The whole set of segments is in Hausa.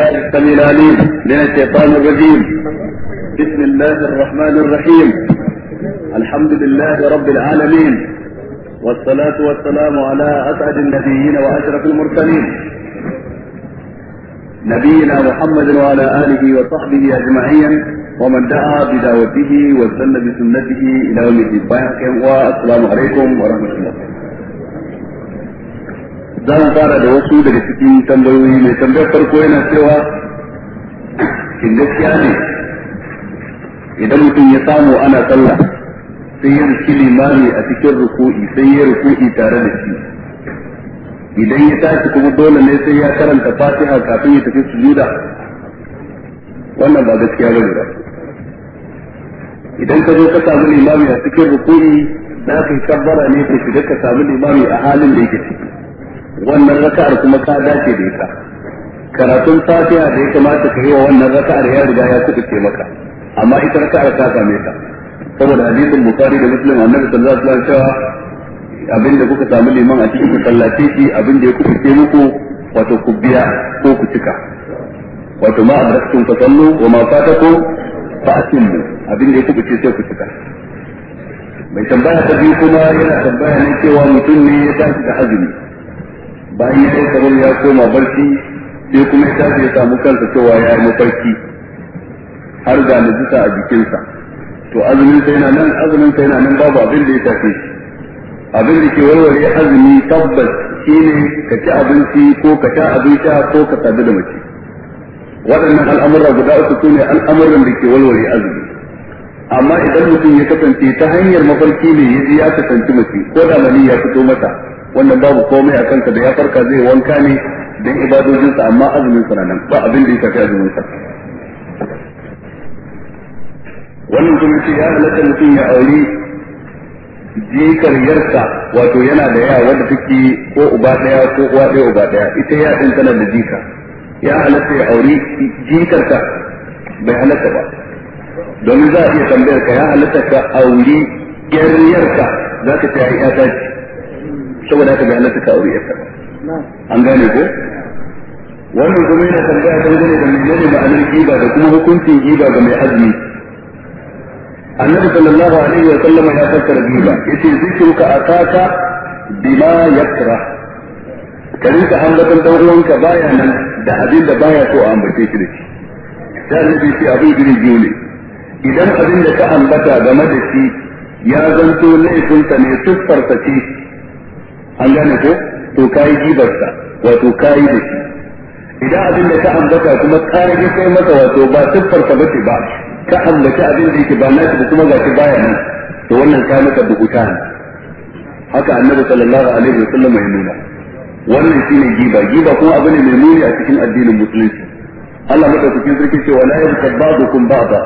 السميع العليم من الشيطان الرجيم بسم الله الرحمن الرحيم الحمد لله رب العالمين والصلاة والسلام على أسعد النبيين وأشرف المرسلين نبينا محمد وعلى آله وصحبه أجمعين ومن دعا بدعوته واستنى بسنته إلى يوم الدين والسلام عليكم ورحمة الله za mu fara da wasu daga cikin tambayoyi mai tambayar farko yana cewa shin gaskiya ne idan mutum ya samu ana sallah sai ya rufi limami a cikin ruku'i sai ya ruku'i tare da shi idan ya tashi kuma dole ne sai ya karanta fatiha kafin ya tafi sujuda wannan ba gaskiya ba ne idan ka zo ka samu limami a cikin ruku'i na ka kabbara ne ka shiga ka samu limami a halin da yake ciki wannan raka'ar kuma ka dace da ita karatun safiya da ya kamata ka yi wa wannan raka'ar ya riga ya kuɓuce maka amma ita raka'ar ka same ta saboda hadisin bukari da muslim annabi sallallahu alaihi wasallam cewa abin da kuka samu liman a cikin sallace shi abin da ya kuɓuce muku wato ku biya ko ku cika wato ma fa sallu wa ma fatakum atimmu abin da ya ce sai ku cika mai tambaya ta biyu kuma yana tambaya ne cewa mutum ne ya tashi da azumi bayan ya yi kamar ya koma barci sai kuma ya tafi ya samu kansa cewa ya yi mafarki har ga najisa a jikinsa to azumin sa yana nan azumin sa yana nan babu abin da ya tafi abin da ke warware azumi tabbas shine ka ci abinci ko ka sha abin sha ko ka sadu da mace waɗannan al'amura guda uku su ne al'amuran da ke walwale azumi amma idan mutum ya kasance ta hanyar mafarki ne ya ji ya kasance mace ko da mani ya fito mata wannan babu komai a kansa da ya farka zai wanka ne don ibadojinsa amma azumin sa nan ba abin da ya shafi azumin sa wannan kuma ce ya halatta mutum ya aure jikar yarsa wato yana da yawa wadda take ko uba daya ko uwa daya uba daya ita ya din tana da jika ya halatta ya aure jikarta bai halatta ba domin za a iya tambayar ka ya halatta ka aure yar za ka ta yi ya ta saboda haka ga halatta ka aure an gane ko wannan kuma yana tambaya da menene ma'anar giba da kuma hukuncin giba ga mai azumi annabi sallallahu alaihi wa sallam ya fassara giba yace zikruka bima yakra ka dan uwanka baya nan da abin da baya so a ambace shi da shi annabi idan abin da ka ambata game da shi ya zanto laifinta ne siffarsa ce an gane ko to kayi gibarsa wato kayi da shi idan abin da ka ambata kuma ƙarfi sai masa wato ba siffar ka bace ba ka ambata abin da yake ba nashi da kuma gashi baya nan to wannan ka maka bukuta haka annabi sallallahu alaihi wa ya nuna wannan shine giba giba kuma abu ne mai muni a cikin addinin musulunci Allah madaukakin sarki cewa la yabtab ba'dukum ba'da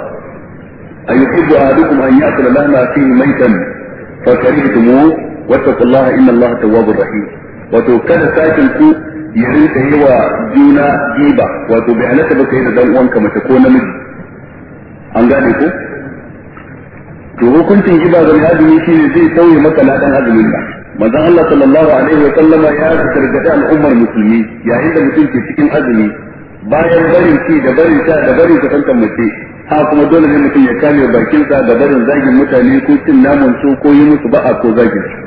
ayyuhibbu ahadukum an ya'kula lahma fi maytan fa karihtumu wattaqullaha inna allaha tawwabur rahim wato kada sakin ku ya rinka yi wa juna giba wato bai halatta ba kai da dan uwanka mace ko namiji an gane ko to hukuncin giba ga azumi shine zai sauye maka ladan azumin ba. manzon Allah sallallahu alaihi wa sallama ya da al'ummar musulmi yayin da mutum ke cikin azumi bayan barin ci da barin sha da barin kusantar mace ha kuma dole ne mutum ya kame bakinsa da barin zagin mutane ko cin naman su ko yi musu ba'a ko zagin su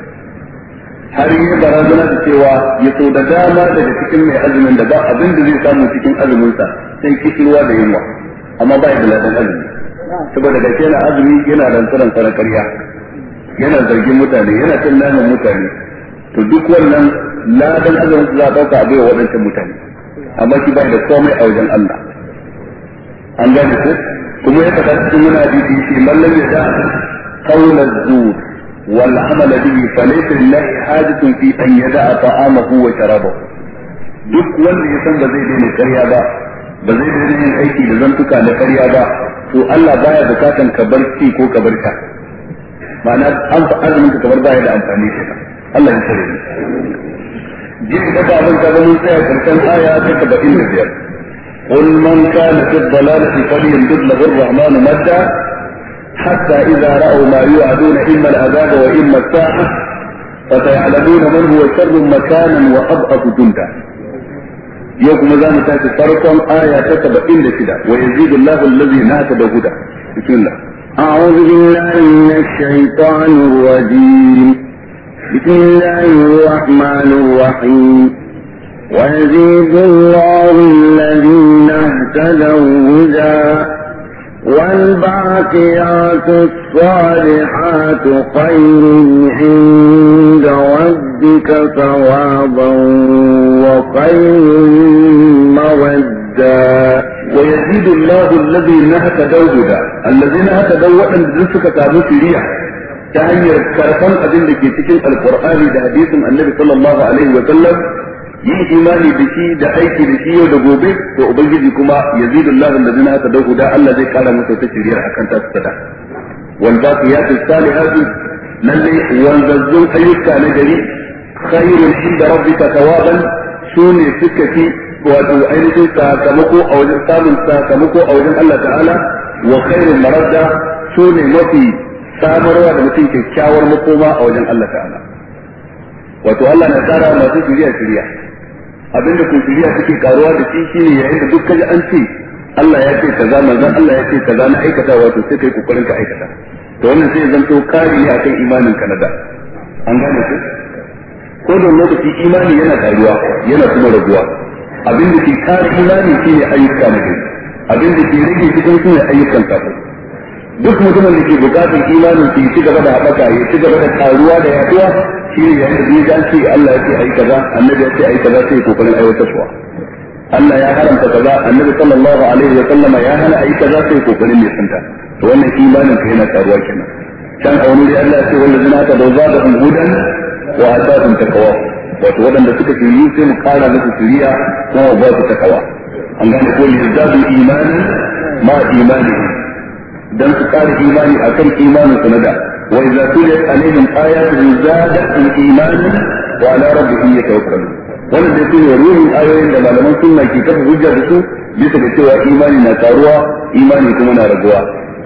har yi barazana da cewa ya so da dama daga cikin mai azumin da ba abin da zai samu cikin azuminsa sai kishirwa da yunwa amma ba da ladan azumi saboda ke yana azumi yana rantsaran sarar yana zargin mutane yana cin namun mutane to duk wannan ladan azumin za a ɗauka a bai waɗancan mutane amma shi ba da komai a wajen Allah an gane ko kuma ya faɗa cikin wani hadisi shi mallam ya da kaunar zuwa والعمل به فليس لله حاجة في أن يدع طعامه وشرابه duk wanda ya san ba zai daina karya ba ba zai daina yin aiki da zantuka na karya ba to Allah baya bukatan ka bar ci ko ka bar ka ma'ana an fa azumin ka baya da amfani kenan Allah ya tsare ni jin da ba abin ka mun tsaya karshen aya ta 75 قل من كان في الضلالة فليمدد له Rahman, مدا حتى إذا رأوا ما يوعدون إما العذاب وإما الساعة فسيعلمون من هو شر مكانا وأضعف جندا يوم ذا تاتي فرقا آية كتب إلا كذا ويزيد الله الذي ناتب هدى بسم الله أعوذ بالله من الشيطان الرجيم بسم الله الرحمن الرحيم ويزيد الله الذين اهتدوا هدى والباقيات الصالحات خير عند ربك ثوابا وخير مودا ويزيد الله الذي نهك دوجدا الذين نهك دوجدا من جنسك كانوا في ريح تهيئ كرفان أدلك في القرآن حديث النبي صلى الله عليه وسلم Yi imani da shi da aiki da shi yau da gobe to ubangiji kuma yazidullahu allazina hatadahu da Allah zai kara musu ta shiriyar akan ta su da wal baqiyatu salihatu lalle wanzazzun ayyuka na gari khairun inda rabbika thawaban sune suka fi wato ainihin sakamako a wajen samun sakamako a wajen Allah ta'ala wa khairun maradda ne mafi samarwa da mutum kyakkyawar makoma a wajen Allah ta'ala wato Allah na tsara masu shiriya shiriya abinda kufiriya suke karuwa da shi shine yayin da duk kaji an ce Allah ya ce kaza manzon Allah ya ce kaza na aikata wato sai kai kokarin ka aikata to wannan sai zan to kari ne akan imanin ka na da an gane ku ko da lokaci imani yana karuwa yana kuma raguwa abinda ke kare imani shine ayyuka ne abinda ke rage cikin shine ayyukan kafin duk mutumin da ke bukatar imanin su ci gaba da haɓaka ya ci gaba da karuwa da yaduwa shi ne yayin da ya ce Allah ya ce ai kaza annabi ya ce ai kaza sai kokarin aiwatarwa Allah ya haramta kaza annabi sallallahu alaihi wa sallama ya hana ai kaza sai kokarin ne santa to wannan imanin ka yana karuwa kenan can a wani Allah ce ce wallazina ta dawza da hudan wa atahum taqwa wato waɗanda suka ce yi sai mu kara musu shiriya kuma ba su takawa an gane ko ne zabi imani ma imani dan su kare imani akan imanin su na da wa idza tuliyat alaihim ayatun zadatuhum imani wa ala rabbihim yatawakkalun wannan da shine ruhin ayoyin da malaman sunna ke kafa hujja da su bisa da cewa imani na taruwa imani kuma na raguwa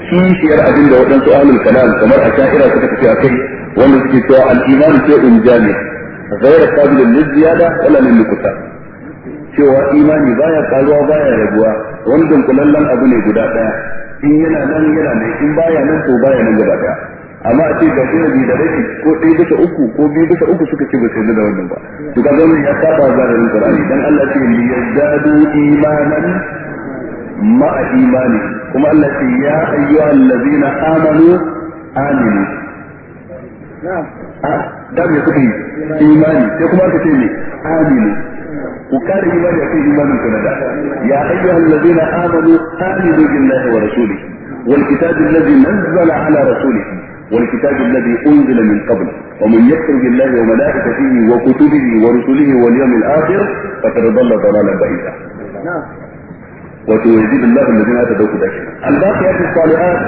kishiyar abin da waɗansu ahlul kalam kamar a sha'ira suka tafi a kai wanda suke cewa al-imanu shay'un jami ghayr qabil lil-ziyada wala lil-nuqsan cewa imani baya karuwa baya raguwa wannan kullallan abu ne guda daya in yana nan yana ne in baya nan ko baya nan gaba daya amma a ce ga kuma bi da rashi ko ɗaya bisa uku ko biyu bisa uku suka ce ba sai da wannan ba to ga wannan ya saba da qur'ani dan Allah ce li yazdadu imanan ma imani kuma Allah ce ya ayyuhal allazina amanu aminu na'am ah, da me kuke imani sai kuma ka ce ne aminu وكان إيمان يأتي إيمان كندا يا أيها الذين آمنوا آمنوا بالله ورسوله والكتاب الذي نزل على رسوله والكتاب الذي أنزل من قبل ومن يكفر بالله وملائكته وكتبه ورسله واليوم الآخر فقد ضل ضلالا بعيدا وتوجد الله الذين اتوا zina الباقيات الصالحات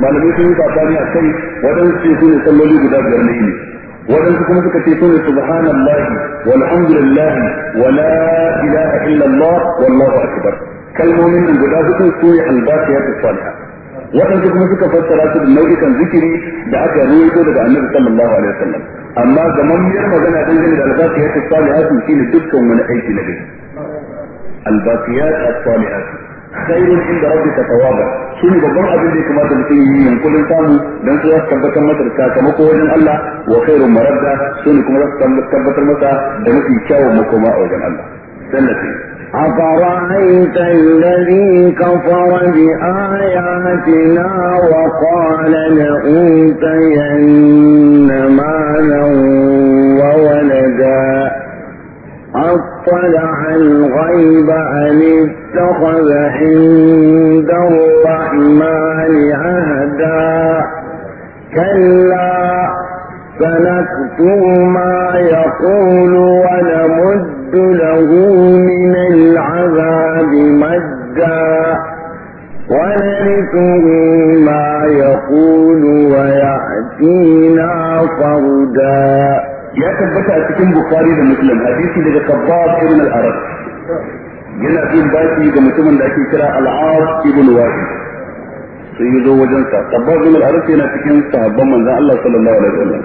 ما لم يكن malamai ثانيه شيء ولم يكن يصلي wadansu su waɗansu kuma suka ce sune subhanallahi walhamdulillahi wala ilaha illallah wallahu akbar kalmomin nan guda hudu su ne albaqiyatu salihah waɗansu kuma suka fassara su da nau'ikan zikiri da aka ruwaito daga annabi sallallahu alaihi wasallam amma gamammiyar magana dangane da albaqiyatu salihah shine dukkan wani aiki na gari ta salihah khairun inda rabbika thawaban shi ne babban abin da ya kamata mutum yi yankulin samu don su zasu tabbatar masa da sakamako wajen Allah wa khairun maradda su ne kuma zasu tabbatar masa da mafi kyawun makoma a wajen Allah sannan أفرأيت الذي كفر بآياتنا وقال لأوتين مالا اطلع الغيب ان اتخذ عند الرحمن عهدا كلا سنكتب ما يقول ونمد له من العذاب مدا ونرثه ما يقول ويأتينا فردا ya tabbata a cikin bukhari da muslim hadisi daga qabbab ibn al-arab yana yin baki ga mutumin da ake kira al-arab ibn wahid sai ya zo wajen sa qabbab ibn al-arab yana cikin sahabban manzon Allah sallallahu alaihi wasallam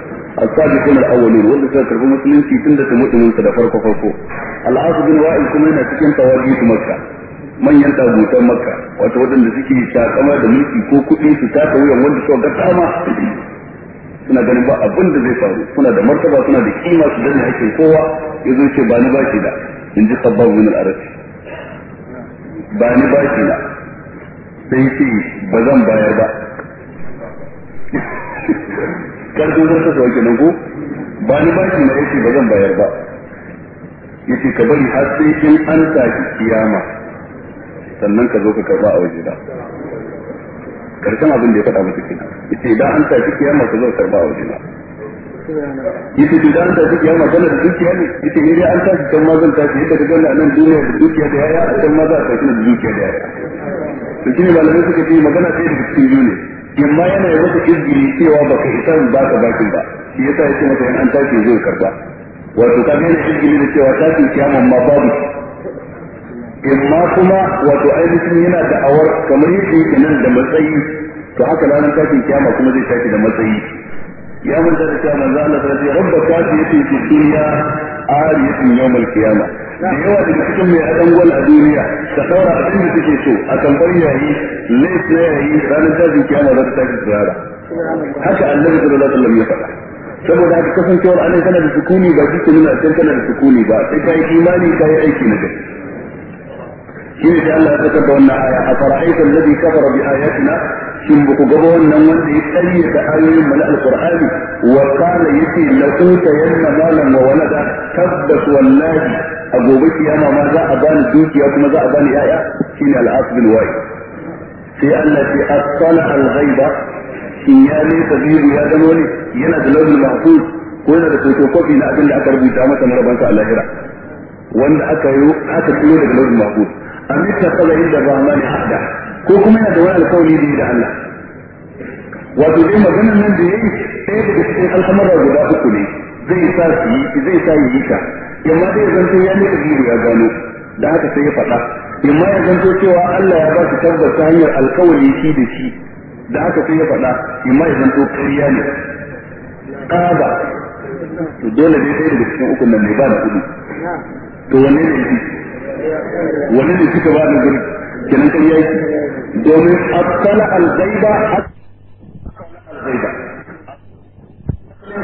sadiq ibn al-awwalin wanda suka karbi musulunci tun da mutumin sa da farko farko al-arab ibn wahid kuma yana cikin tawaji makka manyan tabutan makka wato waɗanda suke shakama da mulki ko kuɗi su taka wuyan wanda suka ga dama suna ganin ba abin da zai faru suna da martaba suna da kima su danne hakkin kowa ya zo ce ba ni ba shi da in ji sabbab min al ba ni ba shi da sai ce ba zan bayar ba karfin zarta da wake nan ko ba ni ba shi na yace ba zan bayar ba ya ce ka bari har sai in an tashi kiyama sannan ka zo ka karba a waje da karshen abin da ya faɗa masa kina yace idan an tafi kiyama ka zo karba wa jina yace idan an tafi kiyama kana da dukiya ne yace ni dai an tafi kan ma zan tafi yadda kaga na nan duniya da dukiya da yaya a kan ma za a tafi da dukiya da yaya to shine malamai suka ce magana sai da cikin biyu ne imma yana yi wata kirgiri cewa ba ka isa ba ka bakin ba shi yasa yace mata in an tafi zai karba wato ta yana izgiri da cewa tafi kiyama ma babu imma kuma wato ainihin yana da'awar kamar yadda yake nan da matsayi to haka ranar tashin kiyama kuma zai tashi da matsayi ya manta da cewa manzo Allah ta ce rabba ka ce yake fi duniya ariyatin yawmal kiyama da yawa daga cikin mai adan gwal a duniya ta saura abin da take so a tambar yayi laifin yayi ranar tashin kiyama za ta tashi tsirara haka annabi sallallahu alaihi wasallam ya faɗa saboda haka kasancewar anai kana da sukuni ba shi nuna a can kana da sukuni ba sai ka yi imani ka yi aiki na gari shi ne sai Allah ya saka da wannan aya a fara'aita alladhi kafara bi ayatina shin ba ku gaba wannan wanda ya tsaye da ayoyin mu na alqur'ani wa qala yati la uta yanna malan wa walada tabbas wallahi a gobe kiyama ma za a bani dukiya kuma za a bani yaya shine al-asbil wai sai Allah ya asala al-ghaiba shin ya ne tabiru ya gano ne yana da launin mahfuz ko yana da photocopy na abin da aka rubuta masa na rabansa a lahira wanda aka yi aka tsiro daga launin mahfuz am ba inda rahmani ahda ko kuma yana da wani alƙawari da da Allah wato dai maganar nan da yayi sai da cikin al'amura guda uku ne zai sa su yi zai sa yi ka amma dai ya zanto ya nika gidi ya gano da haka sai ya faɗa amma ya zanto cewa Allah ya ba su tabbata hanyar alƙawari shi da shi da haka sai ya faɗa amma ya zanto ƙarya ne ƙaba to dole ne sai da cikin uku nan ne ba da kudu to wanne ne shi wani ne suka ba da gurin kenan kan yaki domin asala al-ghaiba al-ghaiba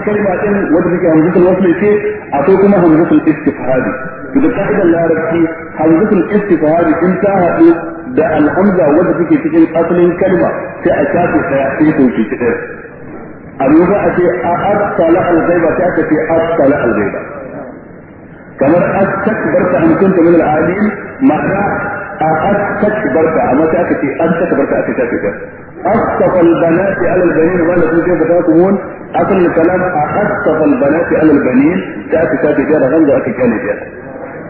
kalma din wanda take hamzatul wasl ce akwai kuma hamzatul istifhadi to da ka'idar larabci hamzatul istifhadi in ta haɗu da alhamza wanda take cikin asalin kalma sai a shafe daya sai to shi ta daya amma za a ce a asala al-ghaiba sai aka ce asala al-ghaiba kamar astakbarta an kunta min al-alim ma'ana a astakbarta amma sai aka ce astakbarta aka tafi ka أصطفى البنات على البنين ولا كيف تفهمون أصل الكلام أصطفى البنات على البنين تأتي تأتي جارة غنزة أكي كان جارة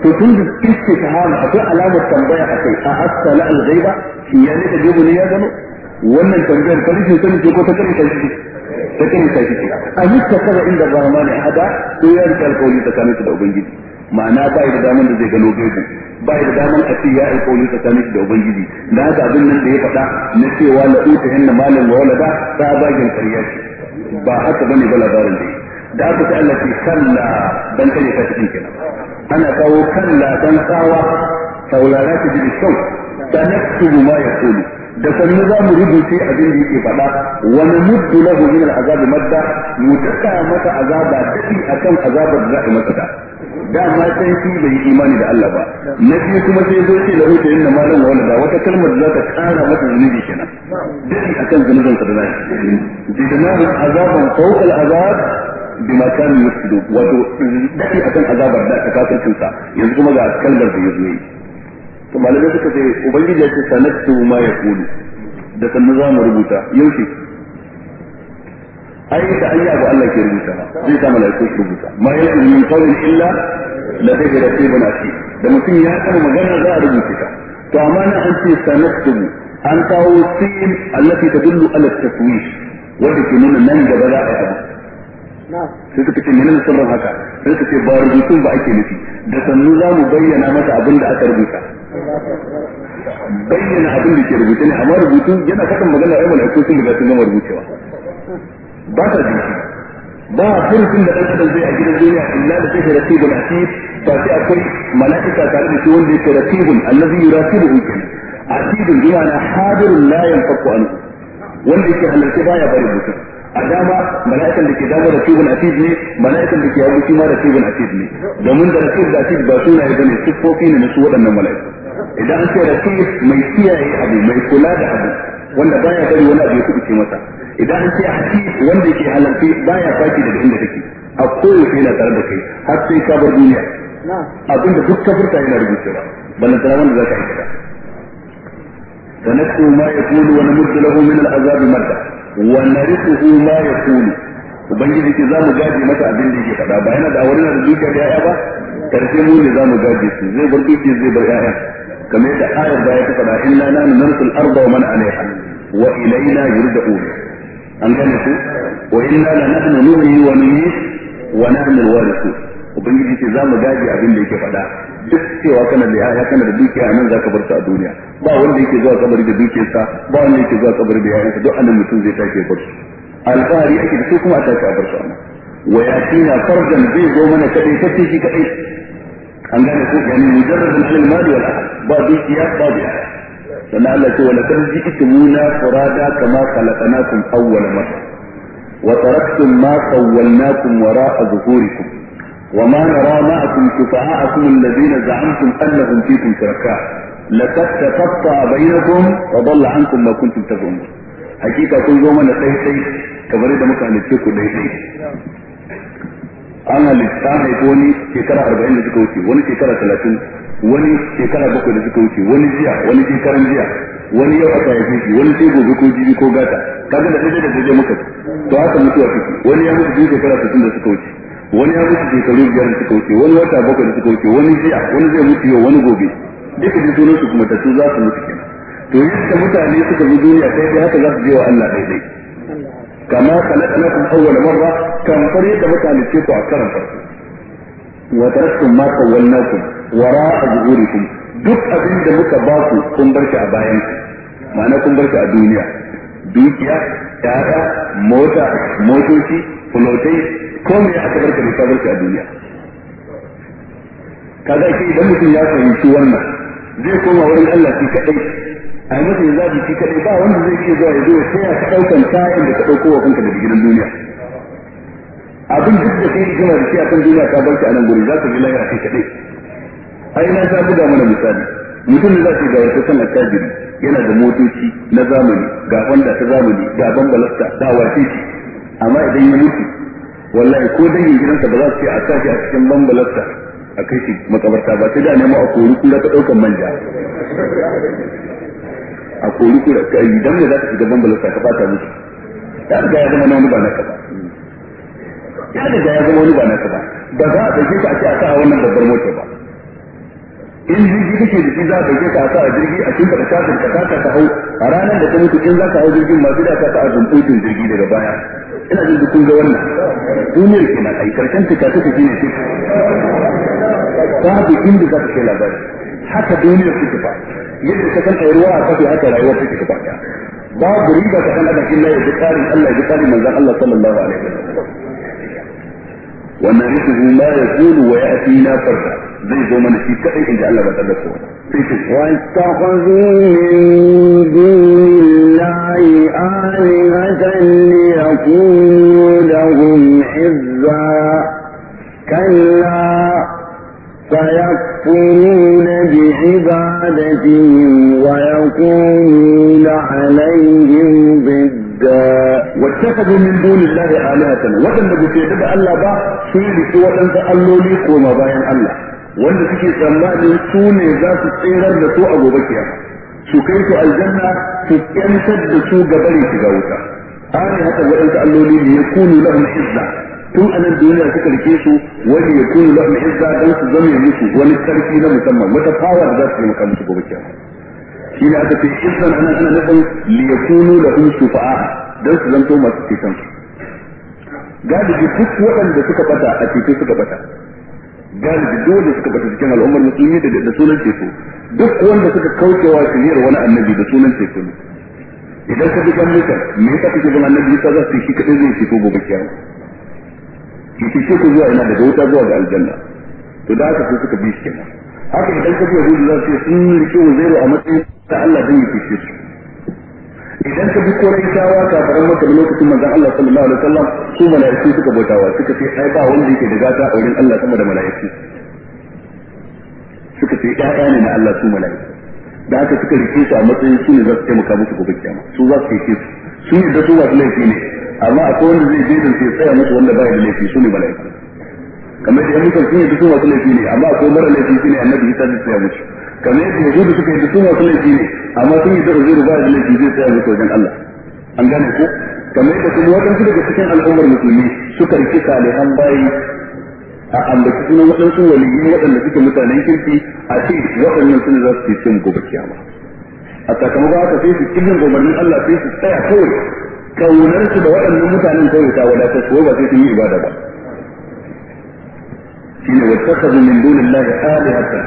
تتوجد استفهام أكي علامة تنبيع أكي أحس لا الغيبة يعني تجيب لي يا wannan tambayar ta rikin sani ce ko ta kare ta shi ta kare ta shi a musta kaza inda barmani hada to ya rika alƙawari tsakaninsu da ubangiji ma'ana ba da daman da zai gano gaibu ba da daman a ce ya alƙawari da ubangiji da haka abin nan da ya faɗa na cewa la'uta hinna malin wa walada ta bagin ƙarya ce ba haka bane ba labarin da da aka ta Allah ce kalla dan kare ta cikin ana kawo kalla dan tsawa saurara ta jibi kyau ta naktubu ma yaqulu da sannu za mu rubuce abin da yake faɗa wani muddu lahu min al'azab madda mu daka mata azaba dadi akan azabar da za a masa da dama can shi bai yi imani da Allah ba na biyu kuma sai zo ce da hutu inna malam wa walada wata kalmar da za ta kara masa zunubi kenan dadi akan zunubin sa da zai jidnahu azaban fawqa al-azab bima kanu yusdu wato dadi akan azabar da ta kafircin sa yanzu kuma ga kalmar da yazo yi to malamai suka ce ubangiji ya ce sanatu ma yaqulu da sannu za mu rubuta yaushe ai da an yi abu Allah ke rubuta zai sa malaiku rubuta ma yake min qawlin illa la zai rasibun ati da mutum ya kama magana za a rubuta ta to amma nan an ce sanaktubu an kawo sin allati tadullu wanda ke nan gaba za a sirrin haka sai suka ce ba rubutun ba ake nufi da sannu za mu bayyana masa abin da aka rubuta bayyana abin da ke rubuta ne amma rubutu yana kasan magana ai malaiku sun riga sun gama rubucewa ba ta jin ba a furfin da ɗan adam zai a gidan duniya illa da zai rasibul asif ba sai akwai mala'ika tare da shi wanda yake rasibul allazi yurasibu hukum asibul bi na hadirul la yanfaku anhu wanda yake halarci baya bari mutum a dama mala'ikan da ke dama da tibin asib ne mala'ikan da ke hagu shi ma da tibin asib ne domin da rasib da asib ba sunaye bane siffofi ne na su waɗannan mala'iku idan an ce rasib mai kiyaye abu mai kula da abu wanda baya bari wani abu ya kubuce masa idan an ce aki wanda yake halarci baya faki daga inda take a koyaushe yana tare da kai har sai ka bar duniya abinda duk ka furta yana rubucewa ballan tara wanda zaka aikata wa nasu ma yaqulu wa namuddu lahu min al'azab madda wa narithu ma yaqulu ubangiji ke zamu gaji masa abin da yake faɗa ba yana da wani da dukiya da yaya ba karshe mu ne zamu gaji su zai bar dukiya zai bar da faɗa wa ilaina yurja'un an gane ku wa inna la nahnu nuhyi wa numiit wa nahnu al-warithun ubangiji ce za mu gaji abin da yake faɗa duk cewa kana da yaya kana da dukiya nan za ka bar ta a duniya ba wanda yake zuwa kabari da dukiyarsa ba wanda yake zuwa kabari da yayansa duk annan mutum zai take bar su alfahari ake da su kuma a take a bar su amma wa yatina farjan zai zo mana kadai kace shi kadai an gane ko yani mujarradan al mali wal ba dukiya ba biya sannan Allah ce wala kan ji ikmuna furada kama kun awwal marra wa taraktum ma sawwalnakum wara'a zuhurikum وما نرى معكم شفعاءكم الذين زعمتم انهم فيكم شركاء لقد تقطع بينكم وضل عنكم ما كنتم تظنون hakika kun zo mana ɗaiɗai kamar yadda muka halicce ku ɗaiɗai an halitta haifi wani shekara arba'in da suka wuce wani shekara talatin wani shekara bakwai da suka wuce wani jiya wani shekaran jiya wani yau aka haife shi wani sai gobe ko jibi ko gata kaga da daidai da daidai muka to haka a ciki wani ya mutu biyu shekara sittin da suka wuce wani ya mutu shekaru biyar da suka wuce wani wata bakwai da suka wuce wani jiya wani zai mutu yau wani gobe duka da sunan su kuma tattu za su mutu kenan to yadda mutane suka zo duniya sai dai haka za su je wa Allah daidai kama khalaqnakum awwala marra kan fari da muka halice ku a karan farko wa taraktum ma qawwalnakum wara'a zuhurikum duk abin da muka ba ku kun bar shi a bayan ma'ana kun bar shi a duniya dukiya yaya mota motoci fulotai ko me aka bar ka da ka bar shi a duniya kaga shi idan mutum ya fahimci wannan zai koma wurin Allah shi kadai a mutum ya zabi shi kadai ba wanda zai ce zuwa ya zo ya taya ka daukan da ka ɗauko wa kanka da gidan duniya abin duk da kai kuma da shi kan duniya ka bar a nan guri za ka ji lahira kai kadai ai na ta buga mana misali mutum ne za ka ga wata sanar kajiri yana da motoci na zamani ga wanda ta zamani ga bambalasta da wace shi amma idan ya mutu wallahi ko dangin gidansa ba za su ce a sa a cikin bambalasta a kai shi makabarta ba sai da nema a kori kula ta ɗaukan manja a kori kura idan da za ka shiga bambalar ka bata musu ya riga ya zama wani ba naka ba ya riga ya zama wani ba naka ba ba za a ɗauke ka a ce a sa wannan babbar motar ba in jirgi kake da shi za a ɗauke ka a sa jirgi a cikin da kafin ka taka ka hau a ranar da ta mutu in za ka hau jirgin masu da ka sa a zumbutin jirgi daga baya ina jin da kun ga wannan duniyar kenan ai karshen ta kasa shi ne babu inda za ka kai labari haka duniyar take ba yadda ta kan ruwa a kafi haka rayuwar take gaba daya babu riba ta kan adam illa ya ji tsarin Allah ya ji tsarin manzon Allah sallallahu alaihi wasallam wannan rikihu ma yakulu wa ya'tina farda zai zo mana shi kadai inda Allah ba ta da kowa واتخذوا من دون الله آلهة ليكونوا لهم عزا كلا سيكفر يكفرون بعبادتهم ويقولون عليهم ضدا واتخذوا من دون الله آلهة وكان بدو في عبادة الله با في لسوة أنت الله لي قوم باين الله وانت تكي سماء لسون ذات الصغر لسوء أبو بكيا سكيت الجنة تكنسد لسوء قبلي تقاوتا آلهة وانت الله لي ليكونوا لهم حزة tun a nan duniya suka rike su wani ya kunu lahum izza dan su zama musu wani karfi na musamman wata power da za su taimaka musu gobe kiyama shi ne aka ce izzan ana ana nufin li yakunu lahum shufa'a dan su zanto masu ceton su galibi duk waɗanda suka bata a ceto suka bata galibi dole suka bata cikin al'ummar musulmi da sunan teku duk wanda suka kaucewa shiriyar wani annabi da sunan teku. idan ka bi kan mutan me yasa kake bin annabi yasa za su yi shi kadai zai ceto gobe kiyama shi ku zuwa ina da wuta zuwa ga aljanna to da haka sai suka bi shi haka idan ka biya gudu za su yi sun rike uzairu a matsayin da Allah zai yi fice su idan ka bi korai tawa kafaran maka lokacin manzon Allah sallallahu alaihi wasallam su malaiku suka bautawa suka ce ai ba wanda yake da gata a wurin Allah sama da malaiku suka ce ƴaƴa ne na Allah su malaiku da aka suka rike su a matsayin su ne za su taimaka musu gobe kiyama su za su yi su su ne da su ba laifi ne amma akwai wanda zai je da sai tsaya musu wanda ya da laifi su ne mala'ika kamar yadda mutum sun yi su masu laifi ne amma akwai mara laifi shine annabi isa da tsaya musu kamar yadda yahudu suka yi su masu laifi ne amma sun yi da uzuru baya da laifi zai tsaya musu wajen Allah an gane ko kamar yadda kuma waɗansu daga cikin al'ummar musulmi suka rike salihan bayi a ambaci sunan waɗansu waliyi waɗanda suke mutanen kirki a ce waɗannan suna za su ce mu gobe kiyama a sakamakon haka sai su cikin umarnin Allah sai su tsaya kawai kaunar su da waɗannan mutanen kawai ta wadatar ko ba sai sun yi ibada ba shine wa takhadhu min dunillahi alihatan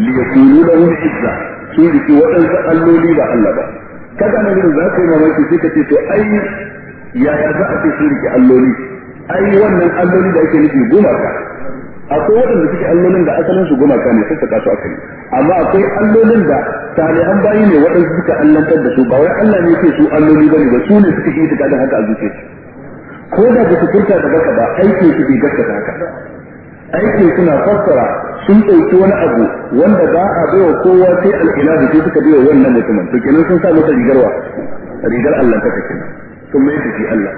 li yakunu lahum izza su riki waɗansu alloli ba Allah ba kaga nan za ka yi mamaki sai ka ce to ai yaya za a ce su riki alloli ai wannan alloli da ake nufi gumaka akwai waɗanda suke allolin da asalin su gumaka ne sassaka su akali amma akwai allolin da an bayi ne waɗanda suka allantar da su ba wai Allah ne yake su alloli bane ba su ne suka yi da haka a zuciyarsu ko da ba su furta da baka ba aikin su bai gaskata haka aikin suna fassara sun ɗauki wani abu wanda ba a baiwa kowa sai al'ilahu sai suka baiwa wannan mutumin to kenan sun sa masa rigarwa rigar Allah ta kenan sun mai shi Allah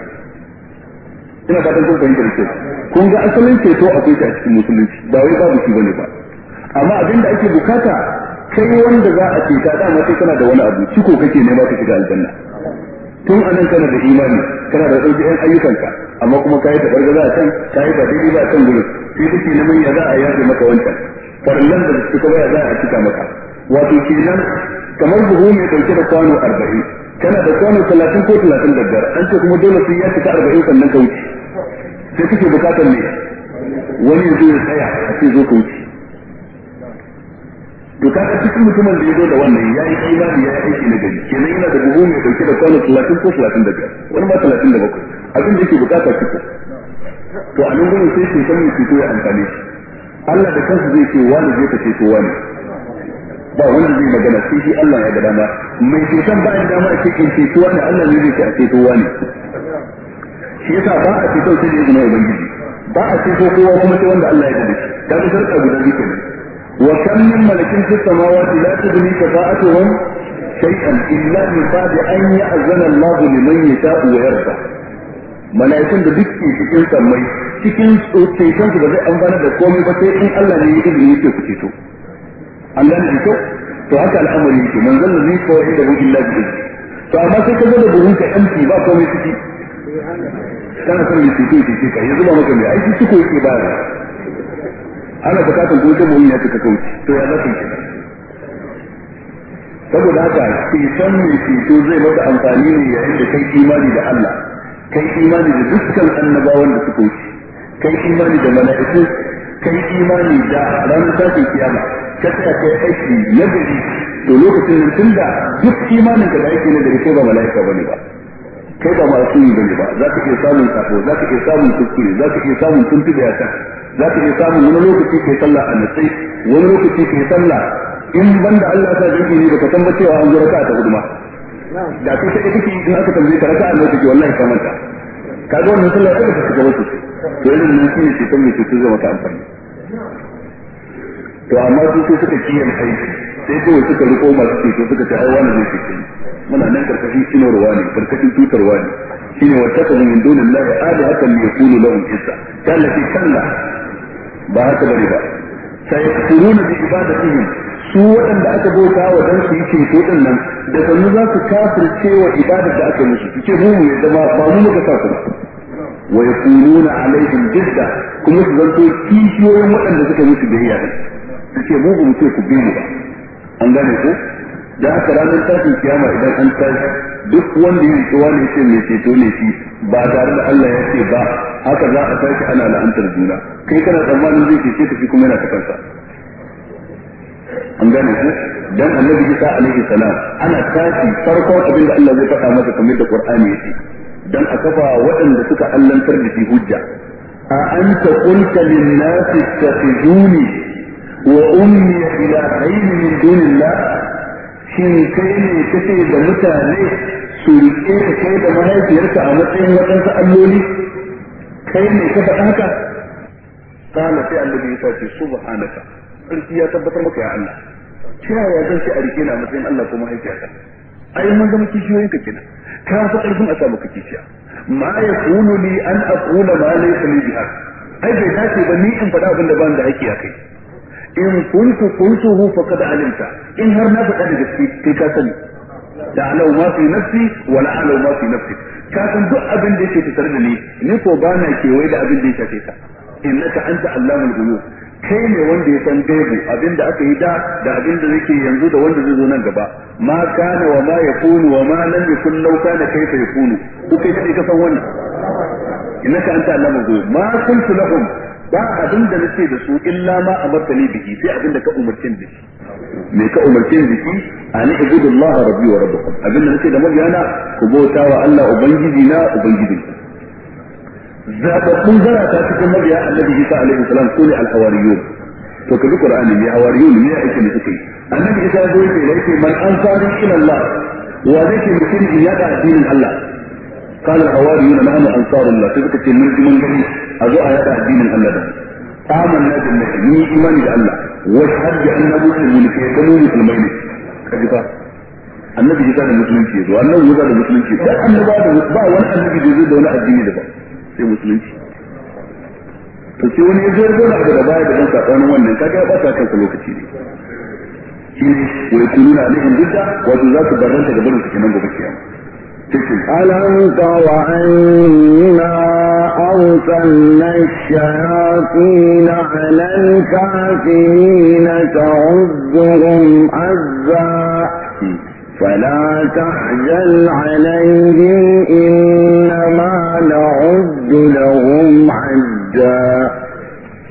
ina fatan kun fahimta da kyau kun ga asalin ceto akwai ta a cikin musulunci ba wai babu shi bane ba amma abinda ake bukata kai wanda za a ceta dama sai kana da wani abu shi ko kake nema ka shiga aljanna tun anan kana da imani kana da ɗauki ɗan ayyukanka amma kuma kayi ta za a can kayi ba daidai ba a can gurin sai kake neman ya za a yafe maka wancan farallan da suka baya za a cika maka wato kenan kamar buhu mai ɗauke da kwano arba'in kana da kwano talatin ko talatin da biyar an ce kuma dole sai ya cika arba'in sannan ka wuce sai kake bukatar ne wani ya zo ya tsaya a ce zo ka wuce to cikin mutumin da ya zo da wannan ya yi imani ya yi aiki na gari kenan yana da buhu mai dauke da kwanu talatin ko talatin da biyar wani ma talatin da bakwai abin da yake bukata ciko to a nan gurin sai ceton mai ceto ya amfani shi Allah da kansa zai ce wani zai ka ceto wani ba wanda zai magana sai shi Allah ya ga dama mai ceton ba da dama a cikin ceto wani Allah ne zai ce a ceto wani shi yasa ba a ceto sai da izinin ubangiji ba a ceto kowa kuma sai wanda Allah ya gani da ga sarka guda biyu kenan wa kam min malakin fis samawati la tudni shafa'atuhum shay'an illa min ba'di an ya'zana Allah liman yasha'u wa yarda mala'ikun da duk cikin sammai cikin ceton su ba zai amfana da komai ba sai in Allah ne ya izini yake ku ceto Allah ne ya to haka al'amari yake manzon da zai kawai da illa bi to amma sai ka zo da buhun ka ba komai ciki kana son mai ceto ya ka yanzu ba maka mai aiki suko yake ba ya ana bukatar ko ta mu'min ya ta kauce to ya zaka yi saboda haka ceton mai ceto zai maka amfani ne yayin da kai imani da Allah kai imani da dukkan annabawan da suka wuce kai imani da mala'iku kai imani da ranar tashin kiyama ka tsaya kai aiki na gari to lokacin nan tunda duk imanin da aiki na gari ko ba mala'ika bane ba kai ba masu yi bane ba za ka iya samun sako za ka iya samun kuskure za ka iya samun tuntuɓe a kan za ka iya samun wani lokaci kai sallah a natsai wani lokaci kai sallah in ban da Allah ta zai ne baka san ba cewa an zura ka ta huduma da kai sai kake in aka tambaye ka raka'a ne kake wallahi ka manta kaga wannan sallah ta ka shiga wasu to irin nan shine ke san me ke zama ta amfani to amma su suka kiyan aiki sai kawai suka riko masu ceto suka ce ai wani zai cece ni muna nan karkashin kinorwa ne karkashin tutarwa ne shine wa takalu min dunillahi alihatan yakunu lahum hissa kallati kalla ba haka bari ba sai kuruna bi ibadatihim su waɗanda aka bauta wa dan su yi ko din nan da sannu za su kafirce wa ibadar da aka musu su ce mu mu yadda ba mu muka sa kuma wa yakununa alaihim jidda kuma su zanto kishiyoyin waɗanda suka musu biyayya su ce mu mu ce ku bi mu ba an gane ko da haka ranar tashin kiyama idan an tashi duk wanda ya tsuwa ne ce mai ceto ne shi ba tare da Allah ya ce ba haka za a tashi ana la'antar juna kai kana tsammanin zai cece ta shi kuma yana ta an gane ko dan annabi Isa alaihi salam ana tashi farkon abin da Allah zai faɗa masa kamar da Qur'ani yake dan a kafa waɗanda suka allantar da shi hujja a anta qulta lin-nasi ittakhizuni وأمي إلهين من دون الله شين كيني كتي دمتا ليه سوريئك كي دمهاي تيركا أمتين وتنسى ألولي كيني كفتنك قال في الذي يتاتي سبحانك أركي يا تبتمك يا الله cewa zan ce a rike na matsayin Allah ko mahaifiyata ai mun zama kishiyoyin ka kenan ka fa karfin samu kishiya ma an aqula ma laysa li biha ai bai dace ba ni in faɗi abin da ban da haƙƙi a kai in kuntu qultuhu faqad alimta in har na faɗa da gaske kai ka sani ta'lamu ma fi nafsi wa la a'lamu ma fi nafsi ka san duk abin da yake tattare da ni ni ko ba na kewaye da abin da ya shafe ka innaka anta allamul ghuyub kai ne wanda ya san gaibu abin da aka yi da da abin da zai yanzu da wanda zai zo nan gaba ma kana wa ma yakunu wa ma lam yakun law kana kayfa yakunu ko kai kadai ka san wannan innaka anta allamul ghuyub ma kuntu lahum ba abin da nace da su illa ma amartani bihi sai abin da ka umarce ni me ka umarci ni bihi ani ibudullah rabbi wa rabbukum abin da nace da mabiyana ku bauta wa Allah ubangiji na ubangijin zababbun ta cikin mabiya annabi Isa alaihi salam sune al-hawariyun to kaji qur'ani ne hawariyun ne aikin da suke annabi Isa zo yake da yake man ansari ila Allah wa zai mutum ya da addinin Allah قال الحواريون نحن انصار ce mun من من a zo a yada addinin Allah da amanna billahi ni imani da Allah wa shahadu anna muslimin ke da mu musulmai ne ji ba annabi ji da musulunci ya zo annabi ji da musulunci da annaba da ba wani annabi da zai da wani addini da ba sai musulunci to sai wani ya zo da zauna da baya da dan sakonin wannan kaga ya bata kansa lokaci ne shi ne wa ne in bidda wato za su barranta da barin su kenan gaba kiyama ألم تر أنا أرسلنا الشياطين على الكافرين تعذهم عزا فلا تحزن عليهم إنما نعد لهم عدا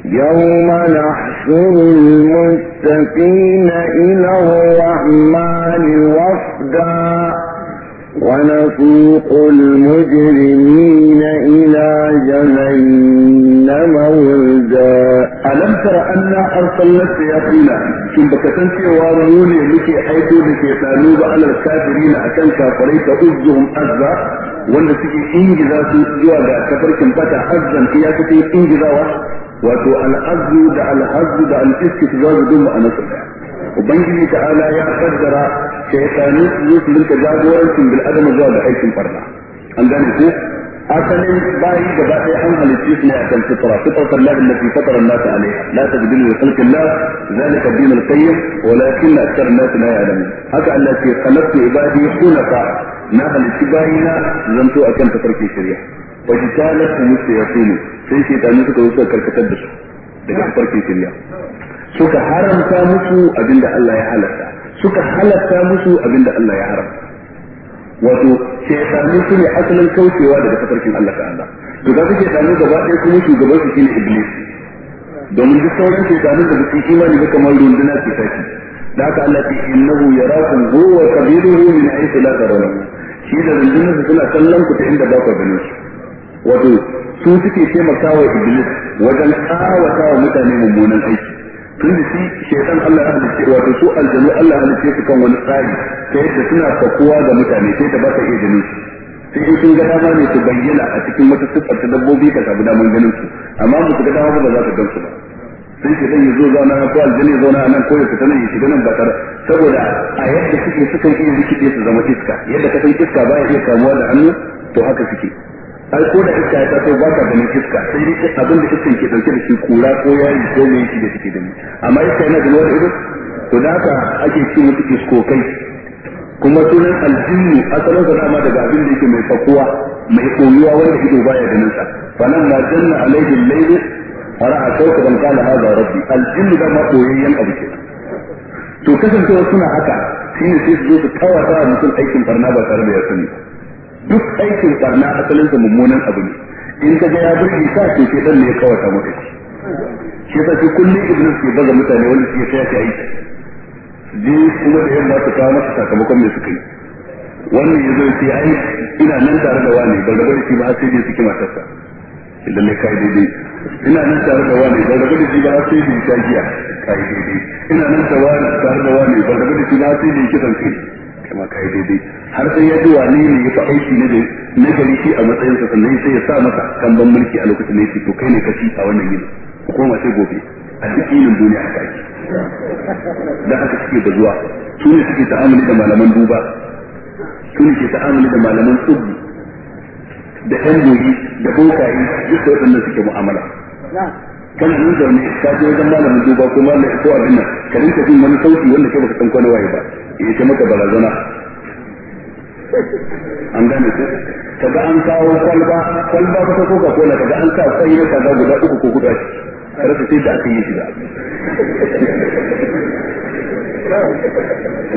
يوم نحشر المتقين إلى الرحمن وفدا ونسوق المجرمين إلى جهنم وردا ألم تر أن أرسلنا الشياطين ثم كتنك وارعوني لك حيث لك تانوب على الكافرين أتنك فريت أزهم أزا والتي إنجزا جوابا كفرك فتا أزا في ياكتي إنجزا وتو الأزو دع الأزو دع الإسك تجاز دم أنا سبع وبنجي تعالى يا قدر شيطاني يوسف بن كذاب ويمكن بالعدم الزواج حيث فرنا عندنا كيف أثنين باي جبائي عن هل يتيس لا أثن فطرة فطرة الله التي فطر الناس عليها لا تجدين لخلق الله ذلك الدين القيم ولكن أكثر الناس لا يعلمون هكا التي خلقت عبادي خلقا ما هل يتبعينا زمتو أكن تتركي شريح وجتالك ومسيحيني في شيء تعنيك ويسوى كالكتبش لكي تتركي شريح شوك حرم كامسو أجند الله يحالك suka halatta musu abinda Allah ya haram wato shaytanu su ne asalin kaucewa daga tafarkin Allah ta'ala to da suke tanu gaba ɗaya kuma shugaban su shine iblis domin duk sauran shaytanu da su imani ba kamar runduna ce take da haka Allah ce innahu yarakum huwa qabiluhu min haythu la tarawun shi da rundunar su suna kallon ku ta inda ba ku ganin su wato su suke taimakawa iblis wajen tsawata wa mutane mummunan aiki tun da shi shaitan Allah ya halice wato su aljanu Allah ya halice su kan wani tsari ta yadda suna fakuwa ga mutane sai ta ba ta iya ganin su sai in sun ga dama ne su bayyana a cikin wata siffar ta dabbobi ka samu daman ganin su amma ba su ga dama ba za ka gan su ba sai ke zai zo zauna na ko aljani zauna nan ko ya fita nan ya shiga nan ba tare saboda a yadda suke sukan iya rikide su zama iska yadda ka san iska baya iya kamuwa da hannu to haka suke ai ko da iska ya taso ba ka ganin iska sai dai abin da iskan ke dauke da shi kura ko yayi ko me yake da take gani amma iska yana da wani irin to da haka ake ce musu iskokai kuma sunan aljinnu asalin sa dama daga abin da yake mai fakuwa mai koyuwa wanda ido baya ganin sa fanan ma janna alaihi al-layl fara'a kawkaban qala hadha rabbi aljinnu da ma koyayyen abu ke to kasancewa suna haka shine sai su zo su kawata mutum aikin barna ba tare da ya sani ba duk aikin barna asalin sa mummunan abu ne in ka ga ya burge ka ce ke dan ne ya kawata maka shi yasa shi kullum iblis ke baza mutane wanda suke sai ta aiki je kuma da yamma ta kawo masa sakamakon me suka yi wannan yazo ya ce ai ina nan tare da wani ban rabu da shi ba sai je suke matarsa idan ne kai daidai ina nan tare da wani ban rabu da shi ba sai je ta giya kai daidai ina nan tare da wani ban rabu da shi ba sai je kisan kai kai ma kai daidai har sai ya ji wane ne ya fi aiki na na gari shi a matsayin sa sannan sai ya sa masa kamban mulki a lokacin da yake to kai ne kashi a wannan yin ko koma sai gobe a duk ilin duniya haka ake da haka suke da zuwa su ne suke ta'amuli da malaman duba su ne ke ta'amuli da malaman tsubbi da ɗan gobe da bokaye duk da waɗannan suke mu'amala kan yi zaune ka je wajen malamin duba ko malamin ko abin nan ka rinka jin wani sauti wanda kai baka san kwana waye ba ya ce maka barazana an gane ku kaga an kawo kwalba kwalba ta ka cola kaga an sa kwai na kaza guda uku ko guda kar su sai da aka yi shiga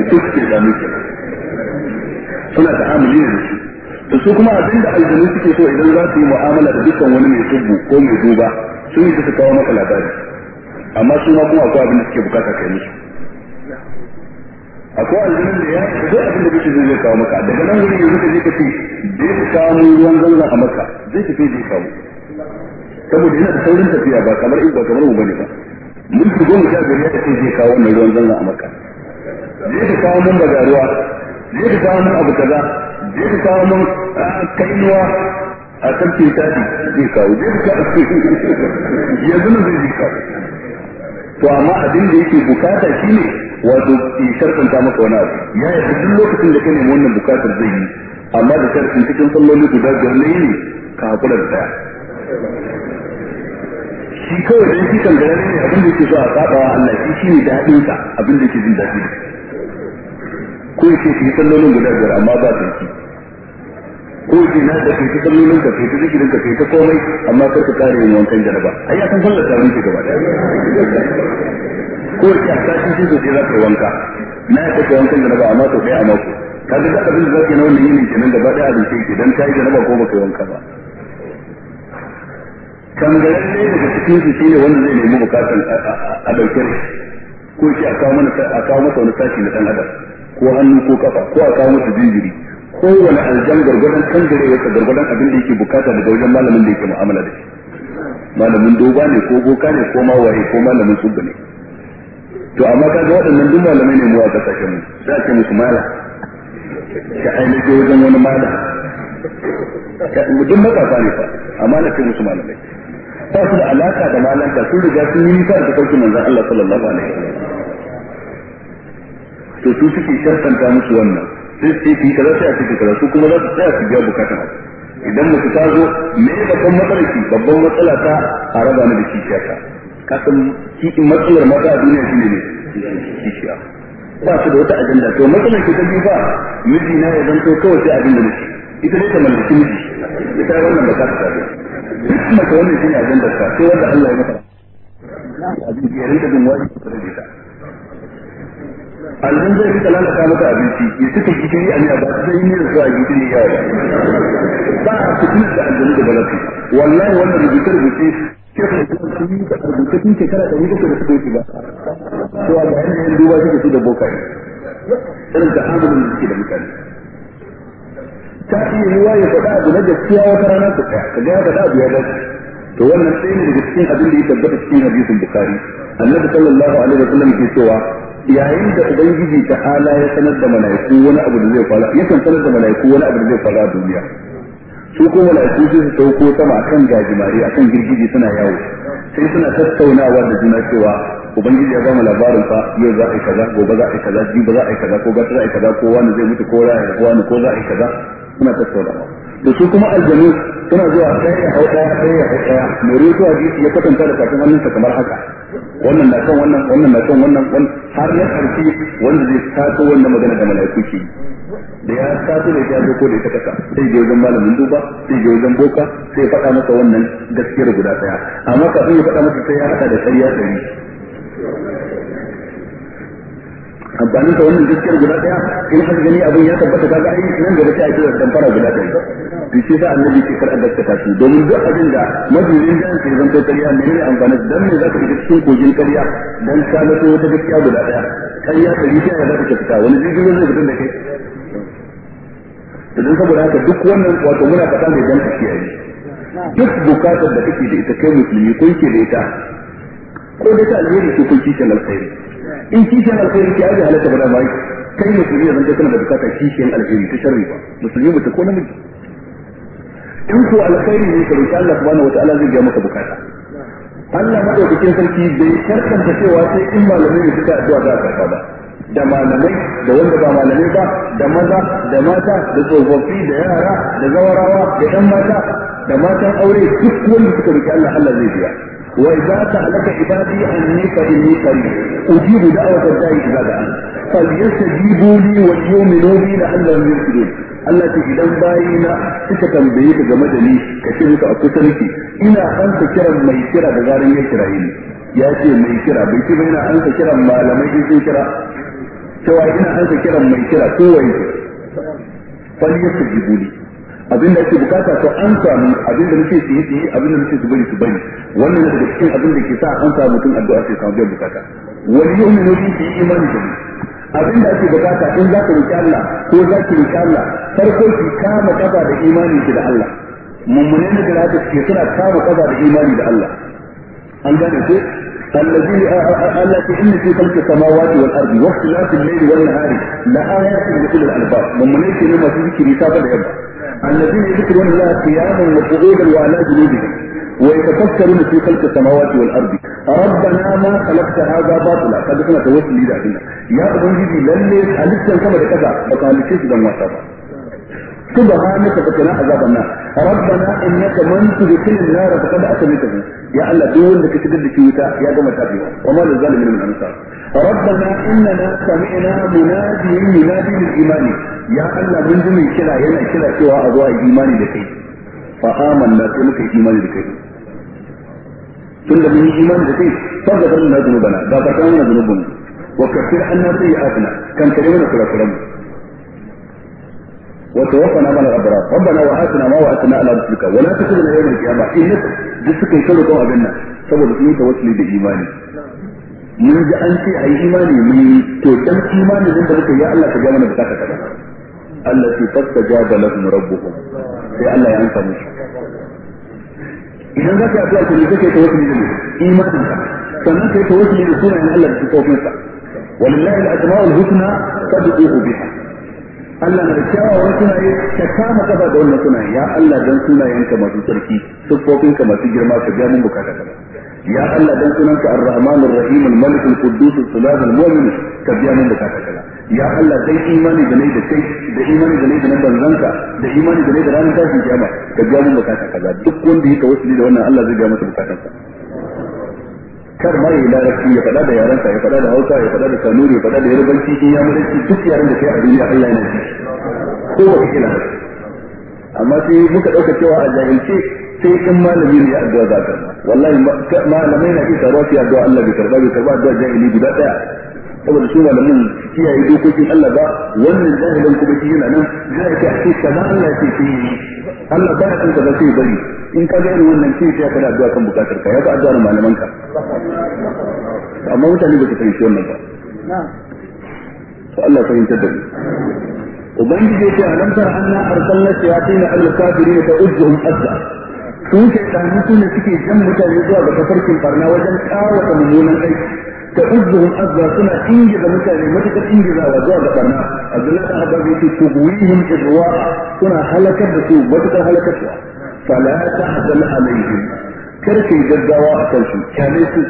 duk ke da muke suna da amuli ne shi to su kuma abin da aljanu suke so idan za su yi mu'amala da dukkan wani mai tubbu ko mai duba sun yi su kawo maka labari amma su ma kuma akwai abin da suke bukata kai musu akwai aljanin da ya duk abin da kake zai zai kawo maka daga nan wurin yanzu ka je ka ce zai ka kawo ruwan zanzan a maka zai tafi zai kawo saboda yana da saurin tafiya ba kamar in ba kamar mu bane ba mun ci goma sha biyar ya tafi zai kawo wannan ruwan zanzan a maka zai ka kawo mun daga ruwa zai ka kawo mun abu kaza zai ka kawo mun ah, kainuwa a kan titati zai kawo zai ka yanzu nan zai kawo to amma abin da yake bukata shine wato sharfin ta maka wani abu ya yi duk lokacin da kai nemi wannan bukatar zai yi amma da sharfin cikin salloli guda biyar na yini ka hakura da daya shi kawai da yake kan gare ne abin da yake so a saba wa Allah shi ne dadin sa abin da yake jin daɗi ko yake shi sallolin guda biyar amma ba yi ko yake na da kai sallolin ka kai zikirin ka kai ta komai amma kar ka kare yin wankan jaraba ai ya san sallar tarin ki gaba daya ko a sati shi so za ka wanka na ya kake wankan da na ba amma so ɗaya a mako ka ga abin da za ka yi na wannan yinin kenan ba ɗaya abin shi ke dan ka yi da na ba ko ba ka wanka ba kangaren ne daga cikin su shi ne wanda zai nemi bukatan a ɗauke ko shi a kawo masa wani sashi na ɗan adam ko hannu ko kafa ko a kawo masa jinjiri kowane aljan gargadon kan gare wata gargadon abin da yake bukata daga wajen malamin da yake mu'amala da shi malamin doba ne ko boka ne ko mawaye ko malamin subba ne to amma ka ga waɗannan duk malamai ne mu a kasashen mu za ka musu mala ka ainihi wajen wani mala duk matsafa ne fa amma na ce musu malamai ba su da alaka da malanta sun riga sun yi nisa da kaukin manzo Allah sallallahu alaihi sallam. to su suke shartanta musu wannan sai su yi kaza sai a cikin kaza su kuma za su tsaya su biya bukata idan mutu ta zo me babban matsalar babban matsala ta a raba ni da kishiyata kasan matsalar mata a duniya shi ne ne. kishiya ba su da wata ajanda to matsalar ke ta ba miji na ya zanto kawai sai abin da nake ita ne ta mallaki miji ita wannan ba ka ta biya duk mata wannan shi ne ajandar ka sai wanda Allah ya maka abin da ya rinka jin wajibi ta rage ta alhan zai rika lalata maka abinci ya suka gidiri a miya ba su zai yi zuwa gidiri yawa ba a fitina da aljanu da balafi wallahi wannan rubuce-rubuce shekar da shekara ɗari uku da suka yi shiga to a bayan yan duba suke su da boka irin ta amalin da suke da mutane ta iya yiwa ya faɗa abu na gaskiya wata rana ku tsaya ka ga faɗa abu ya dace to wannan sai ne daga cikin abin da ya tabbata cikin hadisin bukari annabi sallallahu alaihi wa sallam ke cewa yayin da ubangiji ta'ala ya sanar da mala'iku wani abu da zai faru yakan sanar da mala'iku wani abu da zai faru a duniya su kuma mala'iku su sauko sama akan gajimare akan girgije suna yawo sai suna tattaunawa da juna cewa ubangiji ya ba labarin fa yau za a yi kaza gobe za a yi kaza jibi za a yi kaza ko gata za a yi kaza ko wani zai mutu ko za a yi wani ko za a yi kaza suna tattaunawa da su kuma aljanu suna zuwa sai ya hauka sai ya hau mai rutuwa hadisi ya kwatanta da kafin hannunsa kamar haka wannan na kan wannan wannan na kan wannan har na karfi wanda zai taso wannan magana da mala'iku ke da ya taso da ya zo ko da ita kasa sai je wajen malamin duba sai je wajen boka sai faɗa masa wannan gaskiyar guda ɗaya amma kafin ya faɗa masa sai ya haɗa da ƙarya ɗari amfanin ka wannan gaskiyar guda daya in aka gani abin ya tabbata ga ai nan da kake a kira damfara guda daya to shi da annabi ke kar gaskata su domin duk abin da mabiyin dan ke zanto ƙarya ne ne amfanin dan ne zaka shiga cikin kogin ƙarya dan ka nato wata gaskiya guda daya kariya ta rijiya da ta fita wani jirgin zai da kai idan saboda haka duk wannan wato muna faɗa mai dan kake yi duk bukatar da kake da ita kai musulmi ko yake da ita ko da ta alheri ko kun kishin alheri in kishin alheri ke aje halatta ba mai kai musulmi yanzu kana da bukatar kishin alheri ta sharri ba musulmi mutum ko namiji in ko alheri ne ka roki Allah subhanahu wataala zai ga maka bukata Allah madaukakin sarki bai karkanta cewa sai in malamai ne suka addu'a za a karɓa ba da malamai da wanda ba malamai ba da maza da mata da tsofaffi da yara da zawarawa da ɗan mata da matan aure duk wanda suka rike Allah Allah zai biya wa idza ta'alaka ibadi anni fa inni qarib ujibu da'wata da'i idza da'an falyastajibu li wa yu'minu bi la'allahum yuslimun Allah ta idan bayina suka tambaye ka game da ni ka ce musu a kusa nake ina ansa kiran mai kira da zaran ya kira ni ya ce mai kira bai ce bai na ansa kiran malamai in sun kira cewa ina ansa kiran mai kira ko waye fal yastajibu li abinda ake bukata to an samu abinda nake su yi su yi abinda nake su bari su bari wannan daga cikin abin da ke sa an samu mutum addu'a sai samu biyan bukata wani yau ne wani su yi imani da mu? abinda ake bukata in za ka roki Allah ko za ki roki Allah farko ki kama kafa da imani ki da Allah mummune ne da haka ke suna kama kafa da imani da Allah an gane ko الذي آه، آه، آه، التي ان في خلق السماوات والارض واختلاف الليل والنهار لايات لكل الالباب من ملك يوم في كتاب اليوم الذين يذكرون الله قياما وقعودا وعلى جنوبهم ويتفكرون في خلق السماوات والارض ربنا ما خلقت هذا باطلا قد كنا توسل da abin يا ابن جدي للي sama da كذا baka halicce su dan wasa ba subhanaka fa kana azaban nar rabbana innaka man tudkhilin nar يا الله دو وين دك تقدر تشوفه يا جماعة تبيه وما لزال من الأنصار ربنا إننا سمعنا منادي منادي للإيمان يا الله من دون كلا هنا كلا سوى أضواء الإيمان لكي فآمن لا تلك الإيمان لكي ثم من الإيمان لكي فضل لنا ذنوبنا بابتان لنا ذنوبنا وكفر عنا سيئاتنا كان كريمنا كلا كلامنا وتوفنا من الأبرار ربنا وآتنا ما وآتنا على رسلك ولا تكذل أيام الكيامة إنك إيه جسك يشلو طوع بنا سبب في توصل بإيماني من جاء أنت أي إيماني من تجم إيماني من ذلك يا الله تجعلنا بتاك كذا التي تستجاب لهم ربهم يا الله يا أنت مش اذا ذاك أفلاك لكي توصل بإيماني إيماني فما كي توصل بإيماني أن الله بتوفنك ولله الأسماء الحسنى تبقوه بها Allah na da kyawawan sunaye ka kama kafa da wannan sunaye ya Allah dan sunayenka masu sarki siffofinka masu girma ka biya mun bukata kana ya Allah dan sunanka Ar-Rahman Ar-Rahim Al-Malik Al-Quddus Al-Salam Al-Mu'min ka biya mun bukata kana ya Allah dai imani da nai da kai da imani da nai da banzanka da imani da nai da ranar tashin kiyama ka biya mun bukata kaza duk wanda yake wasuli da wannan Allah zai biya masa bukatansa kar ma yi larabci ya faɗa da yaransa ya faɗa da hausa ya faɗa da kanuri ya faɗa da yarubanci in ya mulki duk yaran da kai a duniya Allah ya ji ko ba kila amma sai muka ɗauka cewa a jahilce sai in malami ne ya addu'a za ka wallahi malamai na iya rafi su addu'a Allah bi karba bai karba addu'a jahili guda ɗaya saboda da mun kiyaye dokokin Allah ba wannan jahilan kuma shi yana nan za ka ce kaza Allah ya ce shi Allah ba ya ba kaza sai bari in ka ga irin wannan ce ya kada addu'a kan bukatar ka ya ga addu'ar malaman ka amma mutane ba su fahimci wannan ba to Allah fahimtar da mu ubangiji ce alam tar anna arsalna shayatin al kafirin fa uzhum azza su ke tanu ne suke jan mutane zuwa ga kafarkin barna wajen kawata mummunan aiki da uzzuhum azza suna ingiza mutane matakar ingizawa zuwa ga barna abdullahi dan abbas yace tubuhum irwa suna halakar da su matakar halakar su fala tahzan alaihim kar ka yi gaggawa a kansu kyale su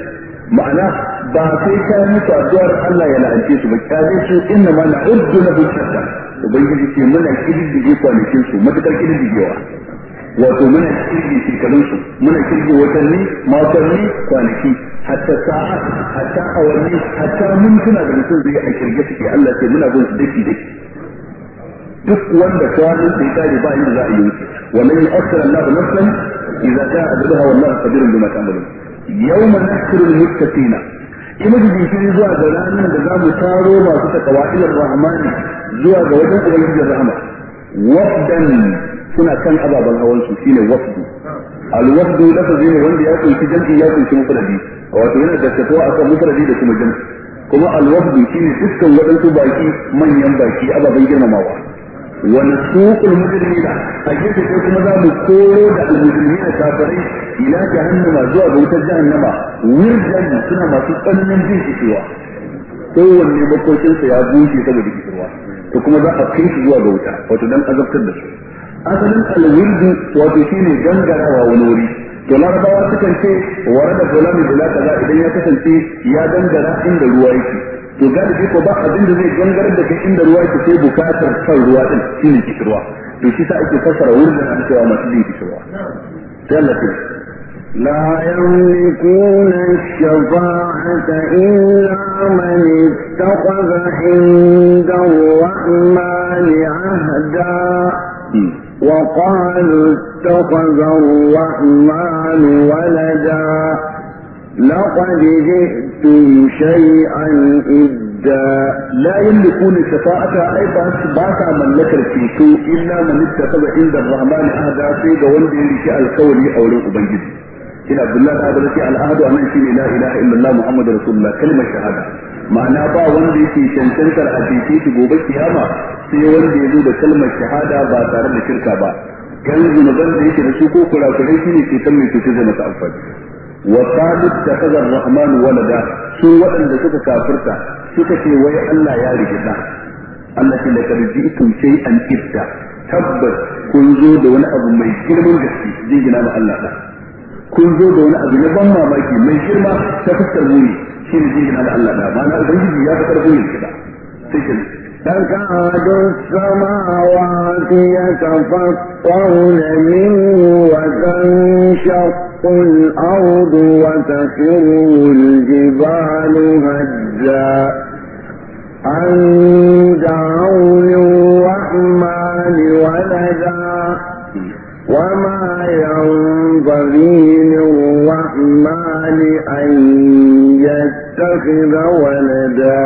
ma'ana ba sai ka musu addu'ar Allah ya la'ance su ba kyale su inna ma na'uddu lahu shadda ubangiji ce muna kididdige kwanakin su matakar kididdigewa wato muna kirgi shekarunsu muna kirgi watanni makonni kwanaki hatta sa'a hatta awanni hatta mintuna da mutum zai a kirge suke Allah sai muna gonsu daki daki duk wanda kwanin sai kare ba yin za a yi wuce wannan ya aksar Allah nafsan idza ja'a ajaluha wallahu qadirun bima ta'malun yawma nahsuru al-muttaqina in mutum jinkiri zuwa ga ranar da za mu taro masu takawa ilar rahmani zuwa ga wajen ubangijin rahama wafdan suna kan ababen hawan su shine wafdu al-wafdu lafazi ne wanda ya kunshi jam'i ya kunshi mufradi wato yana a akan mufradi da kuma jinsi kuma shi ne dukkan waɗansu baki manyan baki ababen girmamawa wa nasuqul mujrimina a gefe sai kuma za mu koro da almujrimina kafirai ila jahannama zuwa ga wutar jahannama wirdan suna masu tsananin jin kishiwa kowanne makocinsa ya bushe saboda kishiwa to kuma za a kai su zuwa ga wuta wato dan azabtar da su asalin alwirdu wato shi ne gangarawa wani wuri to larabawa sukan ce wara da gulami bila kaza idan ya kasance ya dangara inda ruwa yake to galibi ko ba abin da zai gangar da kai inda ruwa yake sai bukatar kan ruwa din shine kishirwa to shi sa ake fassara wurin da cewa masu din kishirwa sai Allah ya لا يملكون الشفاعة إلا من اتخذ عند الرحمن عهدا وقالوا اتخذ الرحمن ولدا لقد جئتم شيئا إدا لا يملكون الشفاعة أي باتا من لك الشيشو إلا من اتخذ عند الرحمن هذا سيد وندي لشاء الكون أو له أبنجد إن عبد الله هذا الذي العهد أمن لا إله إلا الله محمد رسول الله كلمة شهادة ma'ana ba wanda yake cancantar a cece shi gobe kiyama sai wanda ya zo da kalmar shahada ba tare da shirka ba yanzu ban da yake da su ko kurakurai shine ke san mai cutar da masa amfani wa qalut takhadha ar-rahman walada su waɗanda suka kafirta suka ce wai Allah ya rigida Allah shi laqad ji'tum an ibda tabbas kun zo da wani abu mai girman gaske jingina ma Allah da kun zo da wani abu na ban mamaki mai girma ta fuskar muni shi ne jingina da Allah da ba na ubangiji ya fi تكاد السماوات يتفطرن منه وتنشق الأرض وتخر الجبال هجا أن دعوا للرحمن ولدا وما ينبغي للرحمن أن يتخذ ولدا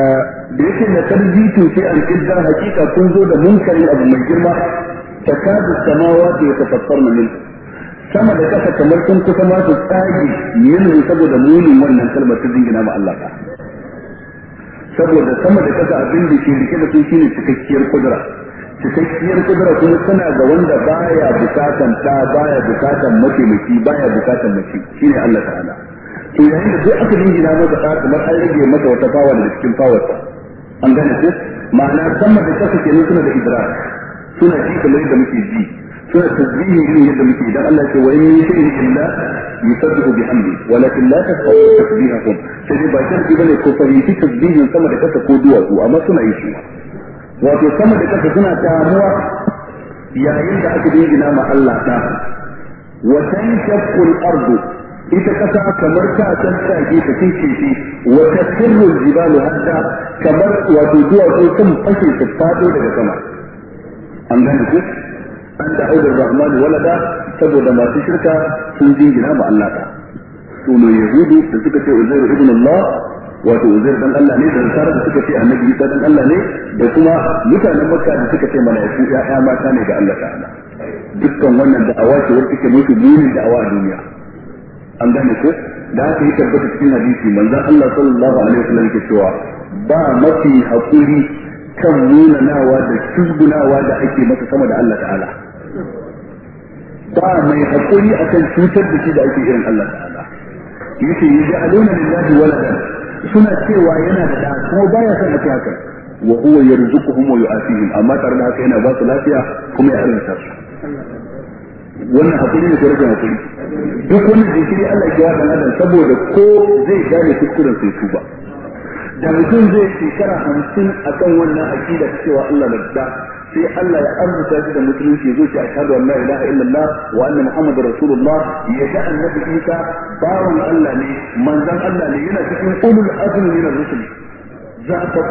بيش لقد جيتوا في الكذبة حقيقة كنزو ده منكر أبو مجرمة تكاد السماوات يتفطرن منه sama da kasa kamar sun kusa ma su tsage yanayin saboda munin wannan kalmar ta dingina ma Allah ta saboda sama da kasa abin da ke rike da su shine cikakkiyar kudura cikakkiyar kudura kuma tana ga wanda baya bukatan ta baya bukatan mataimaki baya bukatan mace shine Allah ta'ala to yayin da duk aka jingina masa da kamar an rage masa wata fawa da cikin fawarsa an gane shi ma'ana sama da kasa kenan suna da idrak suna ji kamar yadda muke ji suna tasbihi irin yadda muke Dan Allah ya ce wa in min shay'in illa yusabbihu bihamdi walakin la tasbihu tasbihahum sai dai ba sharti bane ko fahimci tasbihin sama da kasa ko duwatsu amma suna yi shi wato sama da kasa suna damuwa yayin da aka jingina ma Allah da wa tanshaqu al-ardu ita kasa kamar ta san tsage ta kince shi wa tasirru jibalu hatta kamar wato duwatsu sun fashe ta fado daga sama an gane ku an da audar rahman walada saboda masu shirka sun jingina ma Allah ta su ne yahudu da suka ce uzair ibn Allah wato uzair dan Allah ne da nasara da suka ce annabi Isa dan Allah ne da kuma mutanen makka da suka ce malaiku ya'ya mata ne ga Allah ta'ala dukkan wannan da'awa ce wacce take musu burin da'awa a duniya an gane ko da haka yi tabbata cikin hadisi manzon Allah sallallahu alaihi wasallam yake cewa ba mafi hakuri kan munanawa da cizgunawa da ake masa sama da Allah ta'ala ba mai hakuri akan cutar da shi da ake irin Allah ta'ala yace yaj'aluna lillahi waladan suna cewa yana da da kuma baya son a haka wa huwa yarzuquhum wa yu'atihim amma tare da haka yana ba su lafiya kuma ya arzuta su wannan hakuri ne ko rashin hakuri duk wani jinkiri Allah ya ga nan saboda ko zai gane kuskuren sai su ba da mutum zai shekara hamsin a kan wannan aƙida cewa Allah na da sai Allah ya arzuta shi da musulunci zo shi a shaɗu an la ilaha illallah wa anna muhammadar rasulullah ya ga annabi isa bawan Allah ne manzan Allah ne yana cikin ulul azmi min ar-rusul za ta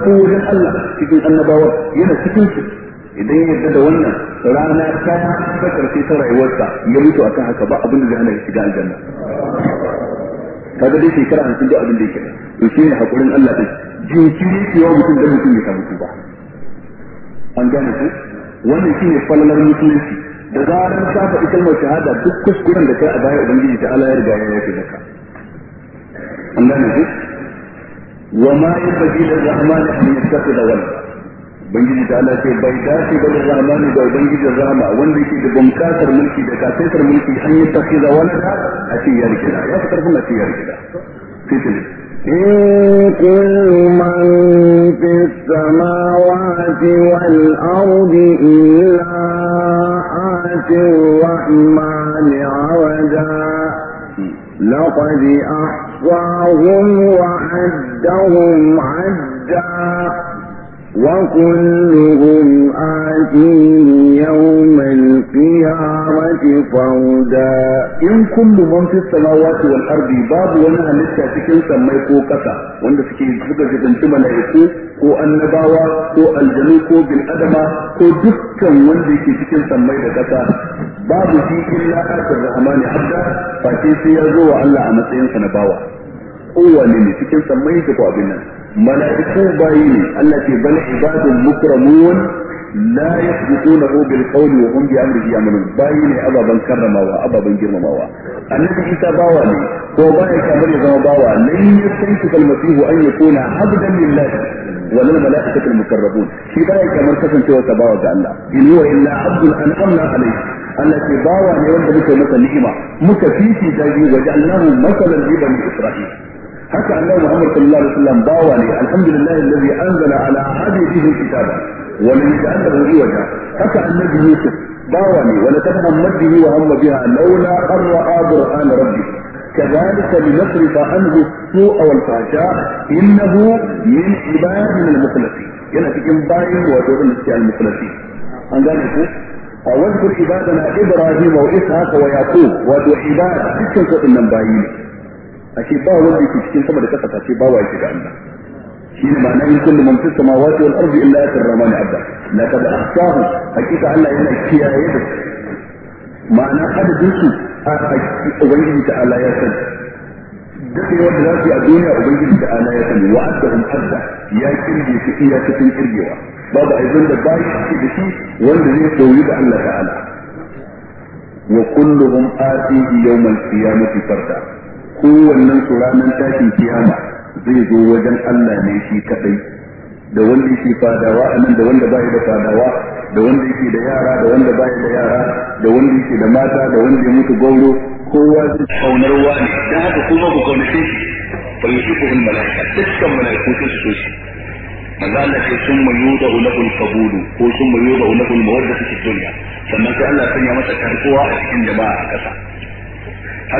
Allah cikin annabawa yana cikin su idan ya yarda da wannan rana ta ta karshe ta rayuwarsa ya mutu akan haka ba abin da zai hana shiga aljanna kaga dai shekara hamsin da abin da yake to shine hakurin Allah din jinkiri ke yawa mutum da mutum ya samu tuba an gane ku wannan shine falalar mutunci da zarar ka faɗi mai shahada duk kuskuren da kai a baya ubangiji ta Allah ya riga ya yafe maka an gane ku wa ma yafi da rahman an yattakhidha walada ubangiji da Allah ce bai dace ba da rahmani da ubangijin rahama wanda yake da bunƙasar mulki da kasaitar mulki an yi tafiza walada a ce ya rikida ya fi karfin a ce ya rikida sai ta إن كل من في السماوات والأرض إلا آتي الرحمن عوجا لقد أحصاهم وعدهم عدا وكلهم آتيه يوم القيامة فردا إن كل من في السماوات والأرض باب وانا لسه cikin sammai ko kasa wanda suke suka jibanci mala'iku ko annabawa ko aljanu ko bil adama ko dukkan wanda yake cikin sammai da kasa babu shi illa atir rahmani abda fa sai ya zo wa Allah a matsayin sa na bawa kowane ne cikin sammai da kwabin nan mala'iku bayi ne Allah ce bal ibadun mukramun la yasbiquna bil qawli wa hum bi amrihi yamalun bayi ne ababan karramawa ababan girmamawa annabi isa bawa ne ko baya kamar ya zama bawa lan yastanki al masihu an yakuna abdan lillahi ولا الملائكة المقربون في ذلك كما ارتفع سوى تباوى الله إن هو إلا عبد أنعمنا عليه التي باوى لوند مكة مكة نعمة مكة في في وجعلناه مثلا لبني إسرائيل حكى عن النبي محمد صلى الله عليه وسلم باوالي الحمد لله الذي انزل على عبده الكتاب ولم يتعلمه في وجهه حكى عن النبي يوسف باوالي ولتفهم مده وهم بها لولا ان راى برهان ربي كذلك لنصرف عنه السوء والفحشاء انه من عبادنا المخلصين هنا في كم باين وجوه المخلصين عن ذلك واذكر عبادنا ابراهيم واسحاق ويعقوب وذو عباد سكه من باين ashe ba wanda yake cikin sama da kasa face ba wa yake ga Allah shi ne ma'ana in kullu man fis samawati wal ardi illa atir rahman abda laqad ahsahu hakika Allah yana kiyaye da ma'ana adadin su a ubangiji ta Allah ya san duk wanda za su yi a duniya ubangiji ta Allah ya san wa adahum adda ya kirge su iya cikin kirgewa babu aizun da ba shi da shi wanda zai koyi da Allah ta'ala wa kulluhum atihi yawmal qiyamati farda kowannen su ranar tashin kiyama zai zo wajen Allah ne shi kadai da wanda yake fadawa a nan da wanda ba da fadawa da wanda yake da yara da wanda ba da yara da wanda yake da mata da wanda ya mutu gauro kowa zai kaunar wani dan haka kuma ku kaunace shi fa yusufu al malaka dukkan malaiku sun so shi manzo Allah ce sun mayu da lahu kabudu qabul ko sun mayu da lahu al mawaddatu fi dunya sannan sai Allah sanya masa karkuwa a cikin jama'a a kasa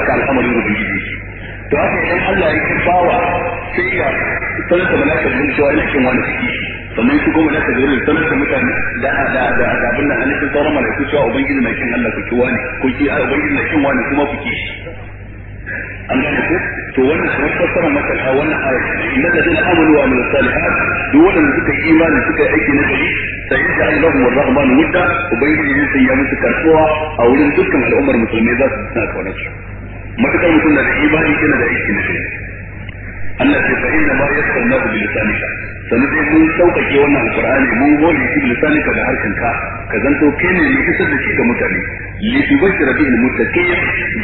haka al'amarin rubuji to haka idan Allah ya bawa sai ya sanar da malakar jin cewa ina cikin wani ciki sannan shi goma malakar jin sanar da mutane da da da da abin nan alifin sauran malakar cewa ubangiji na kin Allah ku ki wani ku ki a ubangiji mai kin wani kuma ku ki an gane ko to wannan kamar fassara maka a wannan ayat inna ladina amanu wa amilus salihat duk wanda suka yi imani suka yi aiki na gari sai da Allahu wa Rahmanu wudda ubangiji ne sai ya musu karkuwa a wurin dukkan al'ummar musulmai za su tsaya kaunar matakar mutum na da imani yana da aiki na kai Allah ce fa inna ma yassarna bi lisanika sannan dai mun sauƙaƙe wannan alqur'ani mun gode shi bi lisanika da harkan ka ka zanto kai ne mai isar da shi ga mutane li tubashira bi almuttaqin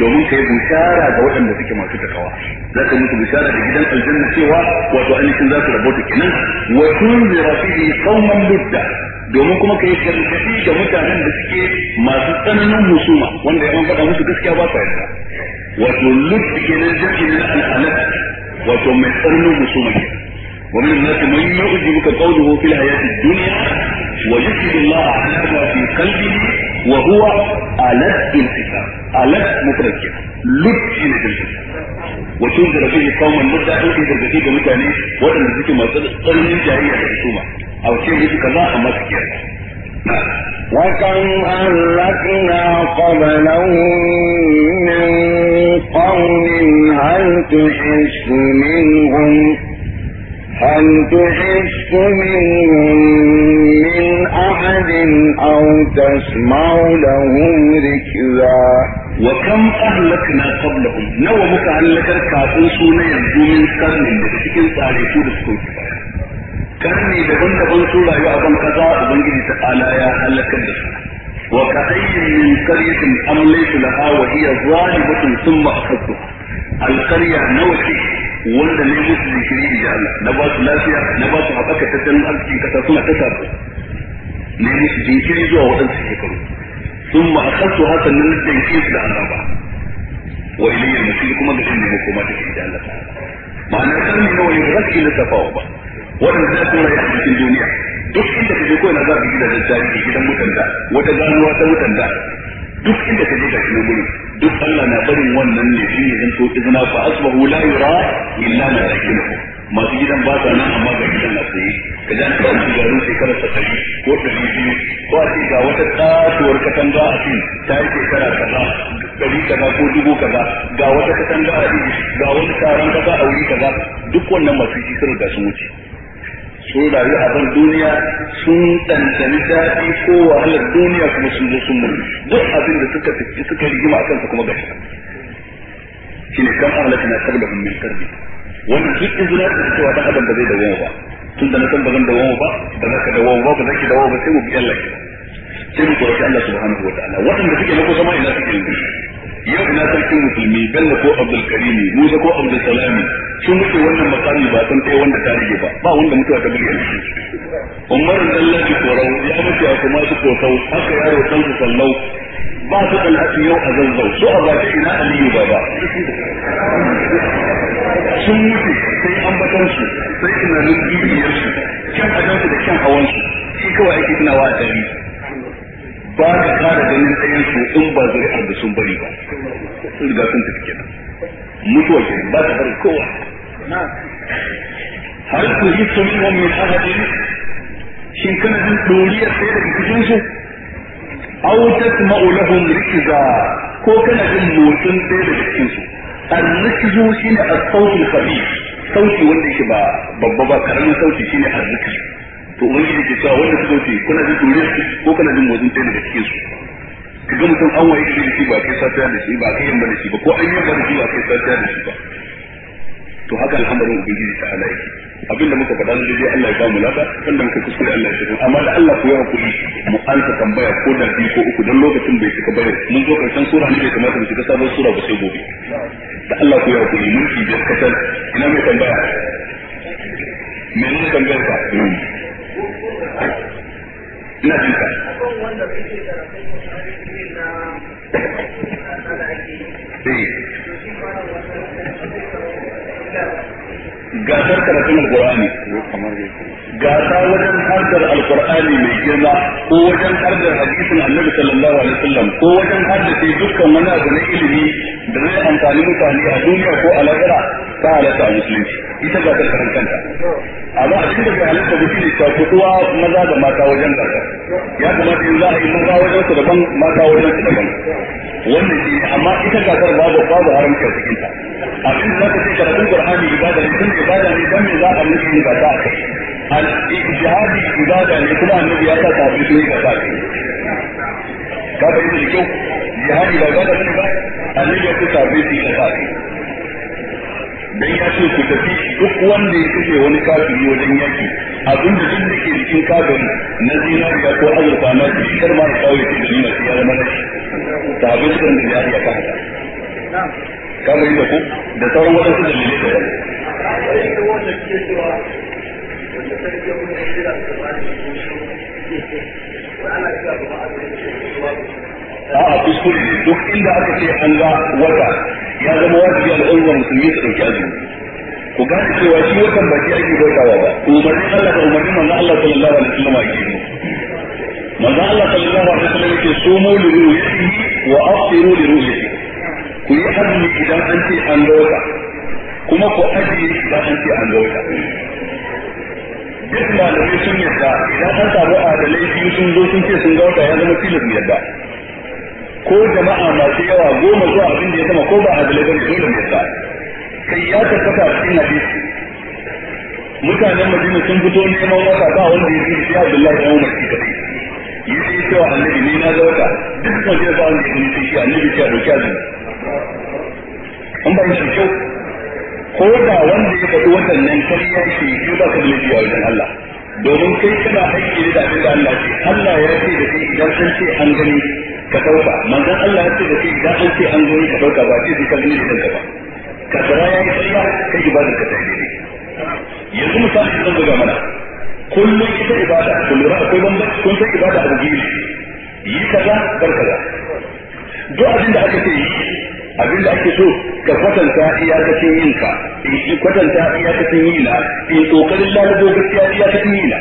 domin kai bishara ga waɗanda suke masu takawa za ka mutu bishara da gidan aljanna cewa wato ainihin za su rabota kenan wa tunzira fihi qauman ludda domin kuma kai gargaɗi ga mutanen da suke masu tsananin husuma wanda ya faɗa musu gaskiya ba sa yarda wato lutsi ke nan jirgin na al'alat wato mai tsarni musu mai wannan na su mai yi uji muka kauli ko filaye su duniya wa yake da Allah a hannun wafi kalbi wa huwa alat iltika alat mutarki na jirgin wa cin da rafi kawman lutsa ɗin da gargaɗe da mutane waɗanda suke masu tsarnin jariya da kusuma a wace yake kaza a masu kiyar وكم أهلكنا قبلهم من قوم هل تحس منهم هل تحس منهم من أحد أو تسمع لهم ركزا وكم أهلكنا قبلهم نوى متعلقا كافون سونا يبدو من قرن لتكين تعرفوا لسكوت قرن لبن لبن سولا يعظم كذا وبنجي تعالى يا أهلك الدسوة وكأي من قرية أمليت لها وهي ظالمة ثم أخذتها القرية نوتي wanda ne musu zikiri da Allah na ba su lafiya na ba su haɓaka tattalin arzikin kasa suna ta sabo ne musu jinkiri zuwa waɗansu shekaru sun ma akasu haka nan danke su da Allah ba wa ilayyar kuma da shi shi nawa ne ba ba waɗanda za su a cikin duniya duk inda ka je ko na za ka gidajen tarihi gidan mutanda wata ganuwa ta mutanda duk inda ka je ka cikin gudu duk Allah na barin wannan ne shi ne zanto izina fa asbahu la yura illa ma yakinu masu gidan ba sa nan amma ga gidan na tsaye ka dan ka ji garin shekara ta dari ko dari biyu ko a ga wata kasuwar katanga a cikin ta yi shekara kaza dari kaza ko dubu kaza ga wata katanga a cikin ga wani taron kaza a wuri kaza duk wannan masu shi sun da sun wuce sun rayu a kan duniya sun tantani daɗi ko wahalar duniya kuma sun zo sun mutu duk abin da suka suka rigima a kansa kuma gashi shine kan ahlaka na sabda hum min karbi wannan duk na da cewa dan adam ba zai dawo ba tun da na san ba zan dawo ba ba za ka dawo ba ba za ki dawo ba sai mu bi Allah sai mu kora Allah subhanahu wa ta'ala waɗanda suke na kusa ma ina suke yanzu yau ina sarkin musulmi bello ko abdul musa ko abdul salami sun mutu wannan makami ba san kai wanda ta rage ba ba wanda mutuwa ta bari shi. umar dallaci korau ya mutu a kuma su kosau haka yaro san su sallau ba su dallaci yau a zanzau so a baki ina aliyu ba ba. sun mutu sai ambatan su sai tunanin bibiyar su kyan ajansu da kyan hawan su shi kawai ake tunawa a tarihi ba ka kara ganin ɗayan su in ba zuri'ar da sun bari ba sun riga sun tafi kenan mutuwa kenan ba ta bari kowa hal ku yi sun yi min ahadin shin kana jin ɗoriyar sai daga cikin su aw tasma'u lahum rikza ko kana jin motsin sai daga cikin su الركز شيء الصوت الخفيف صوتي ولا ba babba ba karamin sauti shine arziki to ubangiji ke cewa wanda suka wuce kuna jin tsoron su ko kana jin motsin ɗaya daga cikin su ka ga mutum an waye da shi ba kai safiya da shi ba kai yamma da shi ba ko an yi da shi ba kai safiya da shi ba to haka alhamdulillah ubangiji ta ala yake abin da muka faɗa da Allah ya mu lada kan da muka kuskure Allah ya shirin amma da Allah ku ya kuɗi mu an tambaya ko da biyu ko uku dan lokacin bai cika bayar mun zo karshen sura ne bai kamata mu shiga sabon sura ba sai gobe da Allah ku yawa mun ki da kasar ina mai tambaya menene tambayar ka ina jin ka eh. gasar karatun alkur'ani gasa wajen harkar alkur'ani mai girma ko wajen harkar hadisin annabi sallallahu alaihi wasallam ko wajen haddace dukkan wani abu na ilimi da zai amfani mutane a duniya ko a lahira ta halatta a musulunci ita ga ta karan kanta amma a cikin da bai halatta ta kuduwa maza da mata wajen gasa ya kamata za a yi maza wajen su daban mata wajen su daban wannan shi amma ita ga ta babu babu haramci cikin ta abin da ta ce karatun qur'ani ibada ne tun ibada ne dan me za a ba ta kai al-ijtihadi ibada ne kuma annabi ya ta su ta ka kyau jihadi ba ibada ne ba annabi ya ta ta su ne ka ta dan ya ce ku tafi duk wanda ya kace wani kafiri wajen yaki abin da duk yake cikin kafiri na zinariya ko azurfa na shi kar ma ya kawo ya ci ya shi sahabin da ya ka hada kamar yadda ku da sauran waɗansu su da wani. Thank you. a'a kuskure duk inda aka ce an ga wata ya zama wajibi al'ummar musulmi su ɗauki azumi ku gane cewa shi watan ba shi ake bautawa ba umarnin Allah da umarnin manzon Allah sallallahu alaihi wasallam ake yi manzon Allah sallallahu alaihi wasallam yake sumu li ru'yatihi wa afsiru li ru'yatihi ku yi azumi idan an ce an ga wata kuma ku ajiye idan an ce an ga wata duk malamai sun yadda idan an samu adalai biyu sun zo sun ce sun ga wata ya zama tilas mu yadda ko jama'a masu yawa goma zuwa abin da ya sama ko ba a adalai bane dole ne sa sai ya tabbata cikin hadisi mutanen Madina sun fito neman wata ba wanda ya ji shi Abdullahi da Umar shi kadai yace cewa annabi ne na ga wata duk kan da ba wanda ya ji shi annabi ya dauki azumi an ba shi kyau ko da wanda ya faɗi watan nan kariya ce shi ba ka da lafiya wajen Allah domin kai kana aiki da abin da Allah ce Allah ya ce da kai idan sun ce an gani ka dauka manzon Allah ya ce da shi idan an ce an zo ka dauka ba ce sai ka gani da ba ka tsara ya tsaya kai ibadar ka ta daidai yanzu misali zan buga mana kullum ita ibada kun lura akwai bambanci kun san ibada abu ne, yi kaza bar kaza duk abin da aka ce yi abin da ake so ka kwatanta iyakacin yin ka eh, in kwatanta iyakacin yi na in eh, kokarin lalabo gaskiya iyakacin yi na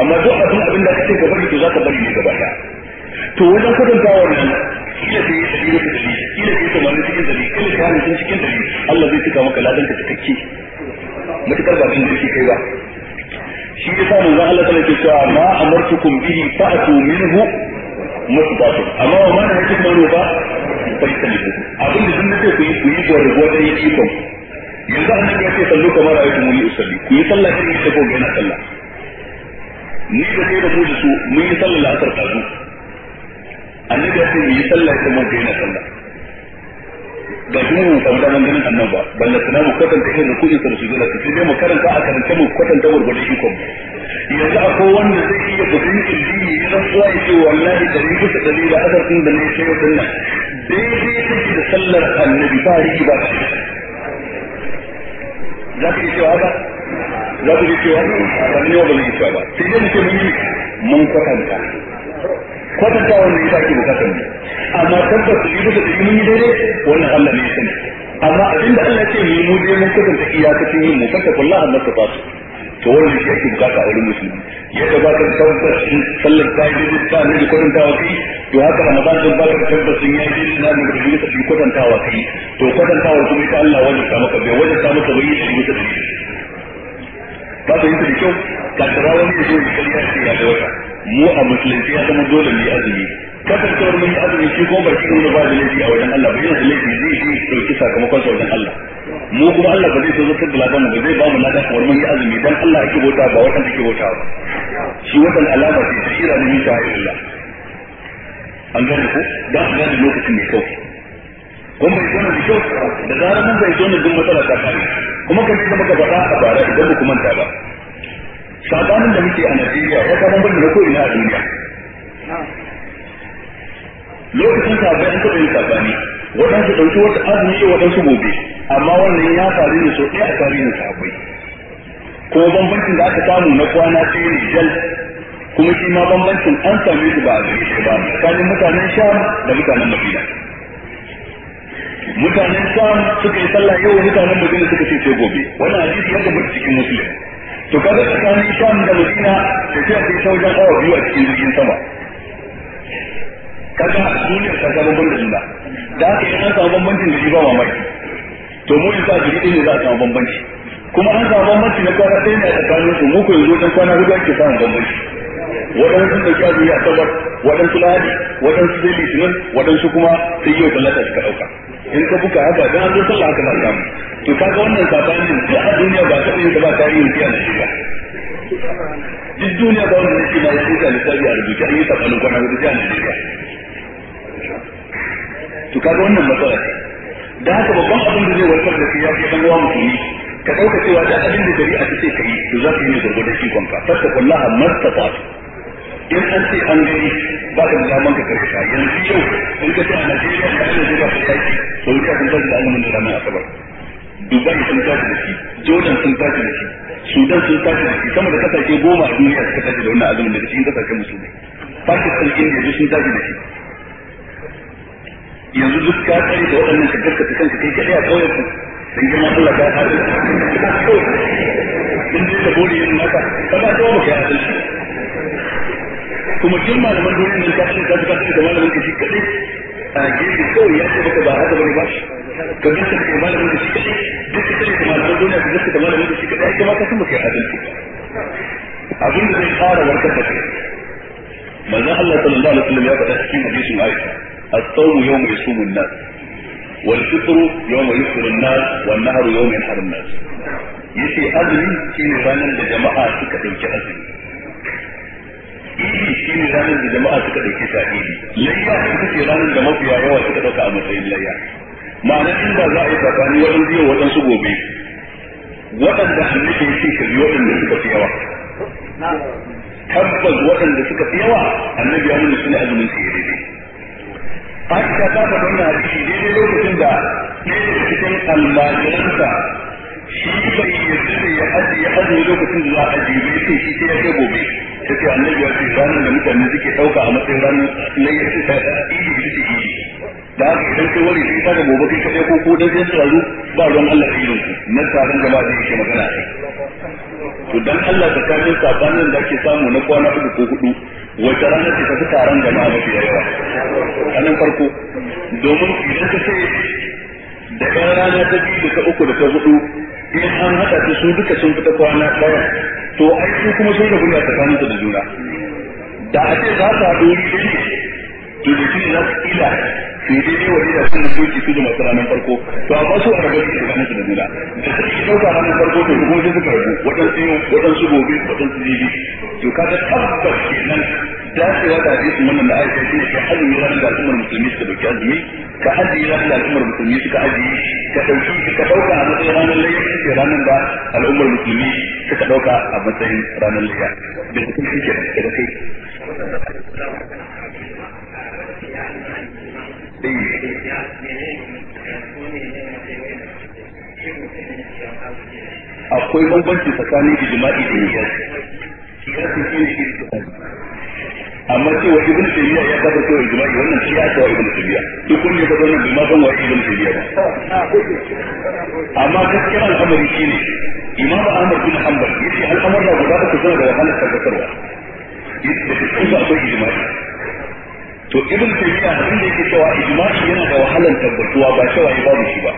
amma duk abin abin da aka ce ka bari to za ka bari ne gaba ɗaya to wajen tawar nan kila sai ya tafi wata dalili kila sai tamanin cikin dalili kila sai hamsin cikin dalili Allah zai cika maka ladanka cikakke matukar ba cin jiki kai ba shi ya sa manzo Allah ta ke cewa ma amartukum bihi fa'tu minhu mutaqatu amma wa ma na hakin manu ba bai talibu abin da sun ce ku yi ku yi gwargwadon ikon yanzu an ce ce sallu kamar ra'aytu muni usalli ku yi sallah sai yadda ko ga na sallah ni da kai da mu da su mun yi sallah la'asar kazu annabi ya ce yi sallah ya kuma daina sallah Ba shi mun samu daman ganin annan ba Balla kuma mu kwatanta irin rukuni da su zuwa sai mu karanta a karanta mu kwatanta gurgurdan shi mu yanzu akwai wanda zai iya gudun kirji ya zan zuwa ya ce wallahi dari bisa dari da azarfin da ne sai wannan nan daidai take da sallar annabi ba riki ba za ku cewa ba za ku cewa ba ne wa ba cewa ba sai dai ke mun yi mun kwatanta ne ya yasa ake bukatar ne amma tabbas da ido da mun yi daidai wannan Allah ne ya sani amma abin da Allah ce mu mu mun kwatanta iyakacin yin mu kanta kullu amma ta fasu to wannan shi ake bukata a wurin musulmi ya gabatar tabbas in sallar ta yi daidai ta ne da kwatantawa kai to haka ramadan din baka tabbas in yayi daidai na da daidai ta kwatantawa kai to kwatantawa kuma ita Allah wajen ta maka bai wajen ta maka bai yi da ba ta yi da kyau ka tsara wani da zai kariya ya da wata mu a musulunci ya zama dole mu yi azumi kasancewar mun yi azumi shi ko ba shi ba da laifi a wajen Allah ba yana da laifi zai shi dauki sakamakon sa wajen Allah mu kuma Allah ba zai so zaka da ladan ba zai ba mu ladan kamar mun yi azumi dan Allah ake bauta ba wajen ake bauta ba shi wajen alama ce ta shira ne ta Allah an gane ko da an gane lokacin mai kyau kuma bai zama da kyau da zarar mun bai zo ne duk matsala ta kare kuma kan zama gaba a bara idan ku manta ba sabanin da muke a Najeriya ya kama bambanta da ko a duniya lokacin sabanin an taɓa yin sabani waɗansu ɗauki wata azumi waɗansu gobe amma wannan ya faru ne so ɗaya a ne sabai. Ko bambancin da aka samu na kwana ɗaya ne jal kuma shi ma bambancin an same shi ba a gari ba tsakanin mutanen sham da mutanen madina mutanen sham suka yi sallah yau mutanen madina suka ce sai gobe wannan hadisi ya tabbata cikin musulmi to kaga tsakanin sham da madina to sai a ta wajen awa biyu a cikin jirgin sama kaga duniyar ta ga bambam da juna da haka in an samu bambancin da shi ba mamaki to mu isa a gari ne za a samu bambanci kuma an samu bambanci na kwana ɗaya na tsakanin su mu ko yanzu wajen kwana hudu ke samun bambanci waɗansu sun ɗauki azumi a sabar waɗansu lahadi waɗansu zai litinin waɗansu kuma sai yau lata suka ɗauka in ka buka haka dan an zo sallah haka za ka to kaga wannan sabani duk a duniya ba ta yi ba ta yin kiyan shi ba duk duniya ba wannan shi ba shi da lissafi a rubuce an yi tsakanin kwana da jiya ne ba to kaga wannan matsala da haka babban abin da zai warkar da shi ya ce dan uwa ka dauka cewa da abin da gari a ce kai to za ka yi ne gurgurdan shi kanka kullaha mastafa in an ce an gani ba ka da ka karkata yanzu yau in ka ce a Najeriya da ana zuwa ka yaki ka sun tashi da azumin da Asabar Dubai sun ta da shi Jordan sun ta da shi Sudan sun ta da shi sama da kasashe goma a duniya suka ta da wannan azumin da ka kasashen musulmai Pakistan India da sun ta da shi yanzu duk ka tsari da waɗannan ka gaskata kanka kai kaɗai a ƙauyen ku sun girma Allah ta haɗu in dai ka bore yin naka ka ba ta wa ka yi kuma duk malaman duniyar nan kafin ka ji kafin da malamin da shi kadai a gefe kawai ya ce maka ba haka bane ba ka bi ta da malamin ka shi kadai duk ka kuma malaman duniya ka da malamin ka shi kadai ai kuma ka san ba kai adalci abin zai fara warkar da kai manzon Allah sallallahu alaihi wasallam ya faɗa cikin hadisin Aisha as-sawmu yawma yasumu an-nas والفطر يوم يفطر الناس والنهر يوم ينهر الناس yace azumi shine ranar da jama'a suka dauki azumi idi shi ne ranar da jama'a suka ɗauke ta idi layya ita ce ranar da mafiya yawa suka ɗauka a matsayin layya ma'ana ba za a yi tsakani wajen biyan waɗansu gobe waɗanda annabi ya ce kabi waɗanda suka fi yawa tabbas waɗanda suka fi yawa annabi ya nuna suna azumin su daidai Aisha ta faɗa wannan hadisi daidai lokacin da ɗaya da cikin almajiransa shi bai yarda da ya ajiye azumi lokacin da za a ajiye bai ce shi sai ya kai gobe ta ce annabi ya ce ranar da mutane suke ɗauka a matsayin ranar layyar su ta da idi ita ce da haka idan kai wani sai da gobe kai kaɗai ko ko dan sai zo ba ruwan Allah da irin na ta jama'a da yake magana a to dan Allah ka kaje sabanin da ake samu na kwana uku ko hudu wata rana ce ta fi taron jama'a mafi yawa a nan farko domin idan ka sai da ɗan rana ta biyu da ta uku da ta hudu in an haɗa su su duka sun fita kwana ɗaya to ai su kuma sun rabu ne tsakanin da juna da a ce za su haɗu to da shi za su ila sai dai ne wani da sun da soki su da masu ranar farko to a su a rabu da tsakanin da juna da su ke ɗauka ranar farko to kuma sai suka rabu waɗansu yi waɗansu gobe waɗansu jibi to kaga tabbas kenan dacewa da hadisin wannan da aisha shine ka azumi ranar da al'ummar musulmi suka dauki azumi ka ajiye ranar da al'ummar musulmi suka ajiye ka dauki ka dauka a matsayin ranar layya ce ranar da al'ummar musulmi suka dauka a matsayin ranar layya da kuma shi ke da kai akwai bambanci tsakanin jima'i da niyyar kiyasi shi ne shi amma wa ibn tayyiya ya kafa cewa ijma'i wannan shi ya cewa ibn tayyiya duk kun yi da wannan bai ma san wa ibnu tayyiya ba amma gaskiyar al'amari shine imam ahmad bin hanbal yace al'amarra guda uku suna da wahalar tabbatarwa da cikin su akwai ijma'i to ibn taymiya din da yake cewa ijma'i yana da wahalar tabbatuwa ba cewa ya babu shi ba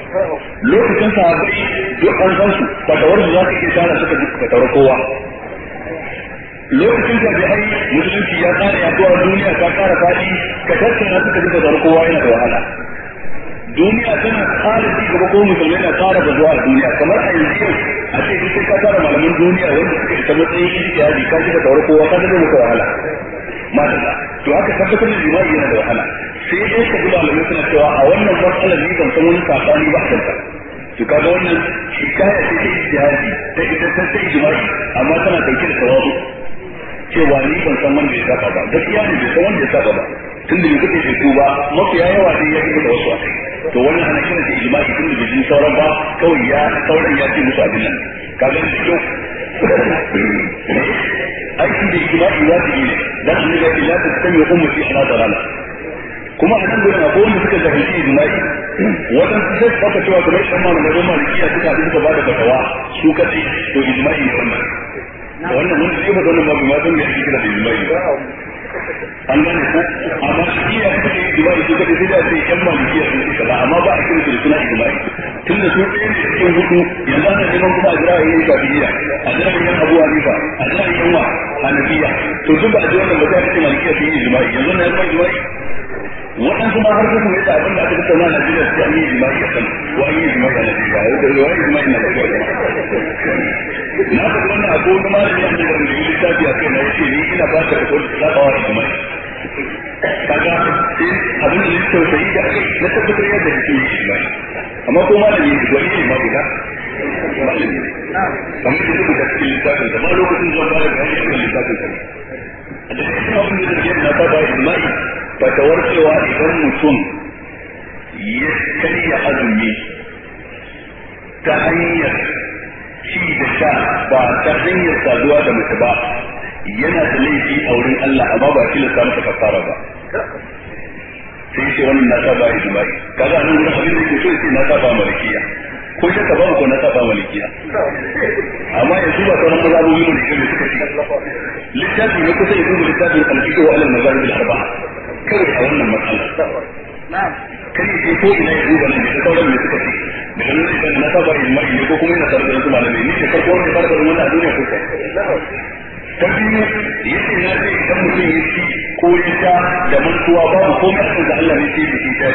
lokacin sahabbai duk an san su ba da wani zaka ke tsara suka ji suka taro lokacin da bai musulunci ya tsara yaduwa duniya ta kara fadi ka tattauna suka ji da kowa yana da wahala duniya tana kara ci gaba ko musulmai na kara da zuwa duniya kamar a yanzu a ce duk ka tara malamin duniya wanda suka isa matsayin shi ya ji ka ji da kowa kowa ka ji muka wahala madalla to haka tabbatar da jima'i yana da wahala sai dai ka ji malamin suna cewa a wannan matsalar ni ban san wani sakani ba a kanta to kaga wannan hikaya ce ta ijtihadi ta ita ta jima'i amma tana dauke da tawazu cewa ni ban san wanda ya saba ba gaskiya ne bai san wanda ya saba ba tun da kake kuɗe shi ku ba mafiya yawa dai ya fito da wasu to wannan ana kira da ijma'i tun da bai jin sauran ba kawai ya sauran ya ce musu abin nan kaga da kyau aiki da ya ce ne dan annabi ya ce la kuma shi ala dalala kuma a nan gona akwai wanda suka jahilci ijma'i wannan su sai suka cewa kamar shan malamai malikiya suka abin da ba da fatawa su kace to ijma'i ne wannan da wannan mun zai faɗa wannan babu ma san ake kira da ijma'i an gane ko amma shi ya fi da ijma'i shi kaɗai sai da sai yan malikiya sun fi kaza amma ba a kira da suna ijma'i tun da su ɗaya ne cikin hudu yanzu ana neman kuma a jira a yi shafi'iyya a jira a yin abu hanifa a jira a yin wa hanafiya to duk ba a ji wannan ba sai malikiya sun yi ijma'i yanzu na yan ijma'i waɗansu ma har kusa ne da da aka tattauna a Najeriya su an yi jima'i a kan ko yi jima'i a Najeriya da wani jima'i na Najeriya na ta kuma na ko wani malami an da wani littafi a kai na ina ba ta da jima'i kaga eh, abin da yake na tabbatar yi jima'i amma ko wani kamar da cikin littafin da ma lokacin zuwa ba da littafin cikin abin da na ta ba jima'i fatawar cewa idan mutum ya karya azumi ta hanyar ci da sha ba ta hanyar saduwa da mutu ba yana da laifi a wurin Allah amma ba shi lissa ta kafara ba sai ce wannan na saba ijma'i kaga nan da abin da ke so sai na saba malikiya ko shi ka babu ko na saba malikiya amma yanzu ba sauran mazhabobi mu da suka ci littafi ne kusa ya duba littafin al-fiqh wa al-mazahib al harba. kawai a wannan matsala kan yi ko ina ya duba nan da sauran mai suka fi da kan yi na saba in mai ko kuma yana sarrafa su malamai ni da farko wani farko wani a duniya ko kai ta biyu yace na ce idan mutum ya ci ko ya sha da mantuwa babu komai a da Allah ne ce da shi ta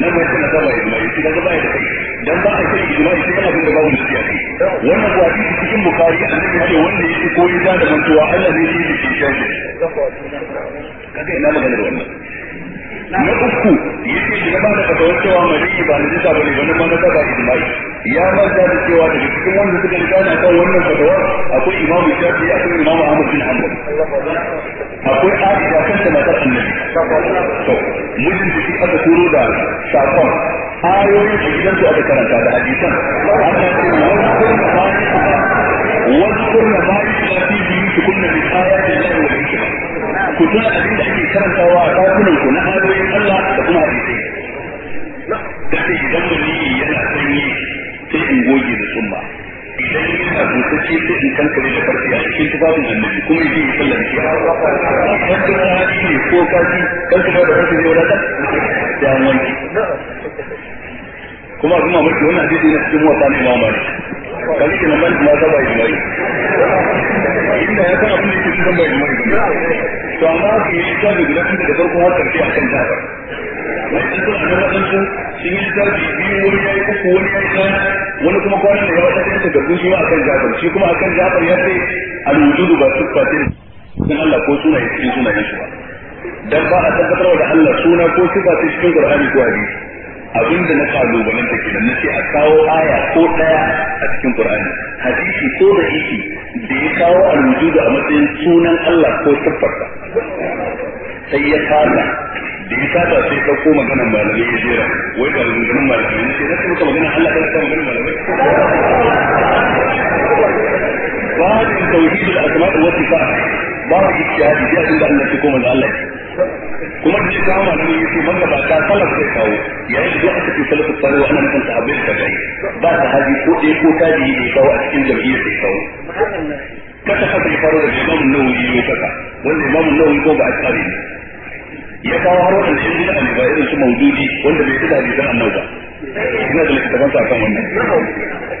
na mai kana saba in mai shi da baya da kai dan ba a kai ijma'i kana da babu nasiya kai wannan ba shi cikin bukari annabi ce wanda ya ci ko ya sha da mantuwa Allah ne ce da shi ta kaga ina maganar wannan na uku yake ba da fatawar cewa mali ba na jisa bane ma na ta ba ijma'i ya manta da cewa daga cikin wanda suka riga na kan wannan fatawar akwai imamu shafi akwai imamu ahmad bin hanbal akwai aisha ta matar annabi to mutum da shi aka turo da sakon ayoyin a su aka karanta da hadisan ana ce wani kurna bayan wani kurna bayan shafi biyu su kunna ku tuna abin da ake karantawa a kakunan ku na ayoyin Allah da kuma hadisai kace idan mali yana sanyi sai in goge da tsumma idan yana busashe sai in kankare da farfi a cikin tufafin annabi kuma yake yi sallar shi kan kuma hadi ne ko kaji kan kuma da farfi ne ta. ya wanki kuma abin mamaki wannan hadisi na cikin wata ne mamaki kalli kenan ban ma saba yi kila ya san abin da yake cikin bai imani bane to amma ka yi littafi guda tun farko har sun yi biyu wani ya yi uku wani ya yi wani kuma kwanan da ya wata shi kuma ya ba su sun Allah ko sunaye cikin shi ba dan ba a tabbatar da Allah suna ko sifa cikin Qur'ani ko hadisi abinda na kalubalen take da nace a kawo aya ko daya a cikin Qur'ani hadisi ko da yake da ya kawo al-wujud a matsayin sunan Allah ko sifarsa sai ya fara da ya saba sai ka ko magana malamai ya jira wai da maganganun malamai ne sai na kuma maganar Allah ya san magana malamai babin tauhidul asma' wa sifat babu ikhtiyari da Allah ya koma da Allah kuma da zai kawo malamin ya ce banda ba ta salaf zai kawo yayin da duk aka ce da tsaro ana nufin sahabbai da tabi'i ba ta haji ko ɗaya ko tabi'i da kawo a cikin jam'iyyar sai kawo kasa kasa ya faro da imamun nawawi ya kasa wanda imamun nawawi ko ba a tsare ne ya kawo har waɗanda yan gida ne ba irin su maududi wanda bai tsada hadisan annabi ba ina da littafansa akan wannan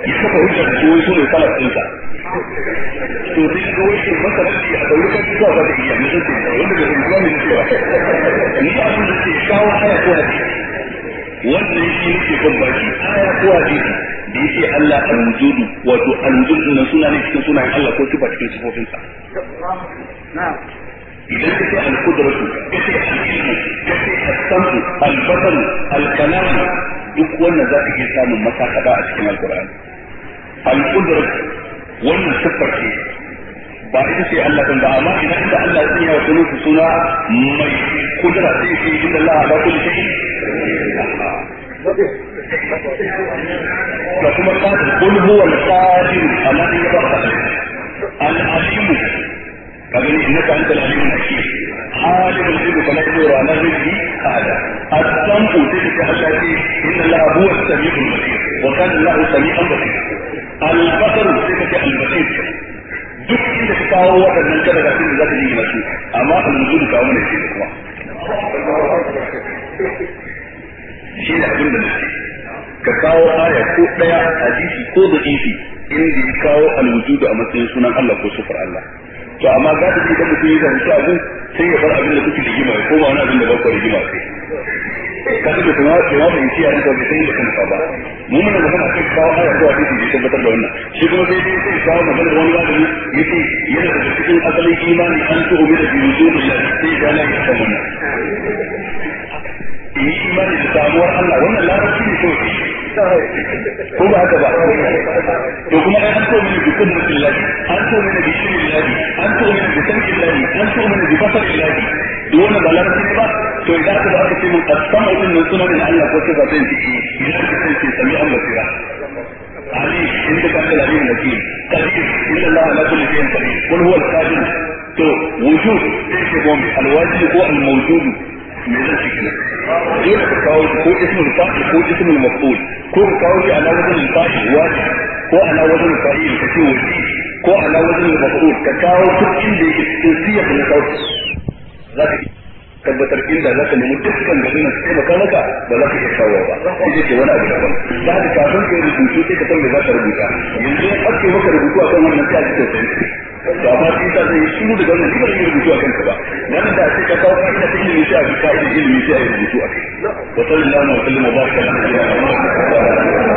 ya kafa hujjar da su ne salaf to sai ga wani masa rashi a dauri kan zuwa ba da iya musu ce wanda da zuwa ne ce ba ni da ke kawo ko wannan shi yake kan baki aya ko da yake Allah al-wujudu wato al-wujudu suna ne cikin Allah ko sifa cikin sifofinsa idan kace al-qudratu kace al-ilmu kace samu al-basaru al-kalam duk wannan za ka iya samun a cikin al-Qur'ani al-qudratu wannan siffar ce ba ita ce Allah kan ba amma idan da Allah zai yi wa sunan suna mai kudura sai shi inda Allah ala kulli shay'in da kuma kafin kul huwa al-qadir amma in ba ka al-alim kaga ni innaka anta al-alim al-hakim عالم الغيب فلا يدور على غيره احدا السمع تلك التي ان الله هو السميع البصير وكان الله سميعا بصيرا albasar sai ka ce albasir duk inda ka kawo waɗannan kada da da za ka yi masu amma almuzuru kawo mana shi kuma shi ne abin da nake ka kawo aya ko ɗaya hadisi ko da ifi inda ya kawo alwujudu a matsayin sunan Allah ko sufar Allah to amma za ta ji da mutum ya zanci abu sai ya bar abin da kuke rigima ya koma wani abin da ba ku rigima kai ka duka kuma ya fahimci ya duka bisan da kanka ba mu muna kuma kai kawo aya zuwa dukkan da tabbatar da wannan shi kuma sai dai sai kawo magana wani wanda ne yana da cikin asalin imani an tuhu bi da yusufu sai ga nan da wannan yi imani da samuwar Allah wannan larabci ne kawai ko ba haka ba to kuma ai an tsomi ne kun mutum lafi an tsomi da bishirin lafi an tsomi da bisan lafi an ne da basar lafi dole ba larabci ne ba to idan aka aka ce mun nan suna da Allah ko ba zai ciki idan aka ce sami an basira ali inna Allah la kulli shay'in qadir qul huwa al-qadir to wujud sai ke al-wajib ko al-mawjud me zai ciki dole ka kawo ko ismul fa'il ko ismul maf'ul ko ka kawo shi ala wajen fa'il wajib ko ala fa'il ka ce wajib ko ala maf'ul ka kawo duk inda yake kawo za ka tabbatar inda za ka nemi dukkan da suna taimaka maka ba za ka iya kawo ba sai ke wani abu daban da haka kafin ka yi rubutu sai ka san me za ka rubuta yanzu in ake maka rubutu a kan wannan sai ko ji sosai ba sai ta zai shiru daga wannan kuma yi rubutu a kanka ba nan da sai ka kawo ka'ida ta ilimi sai a ji ka'ida ilimi sai a rubutu a kai wa sallallahu alaihi wa sallam wa baraka alaihi wa sallam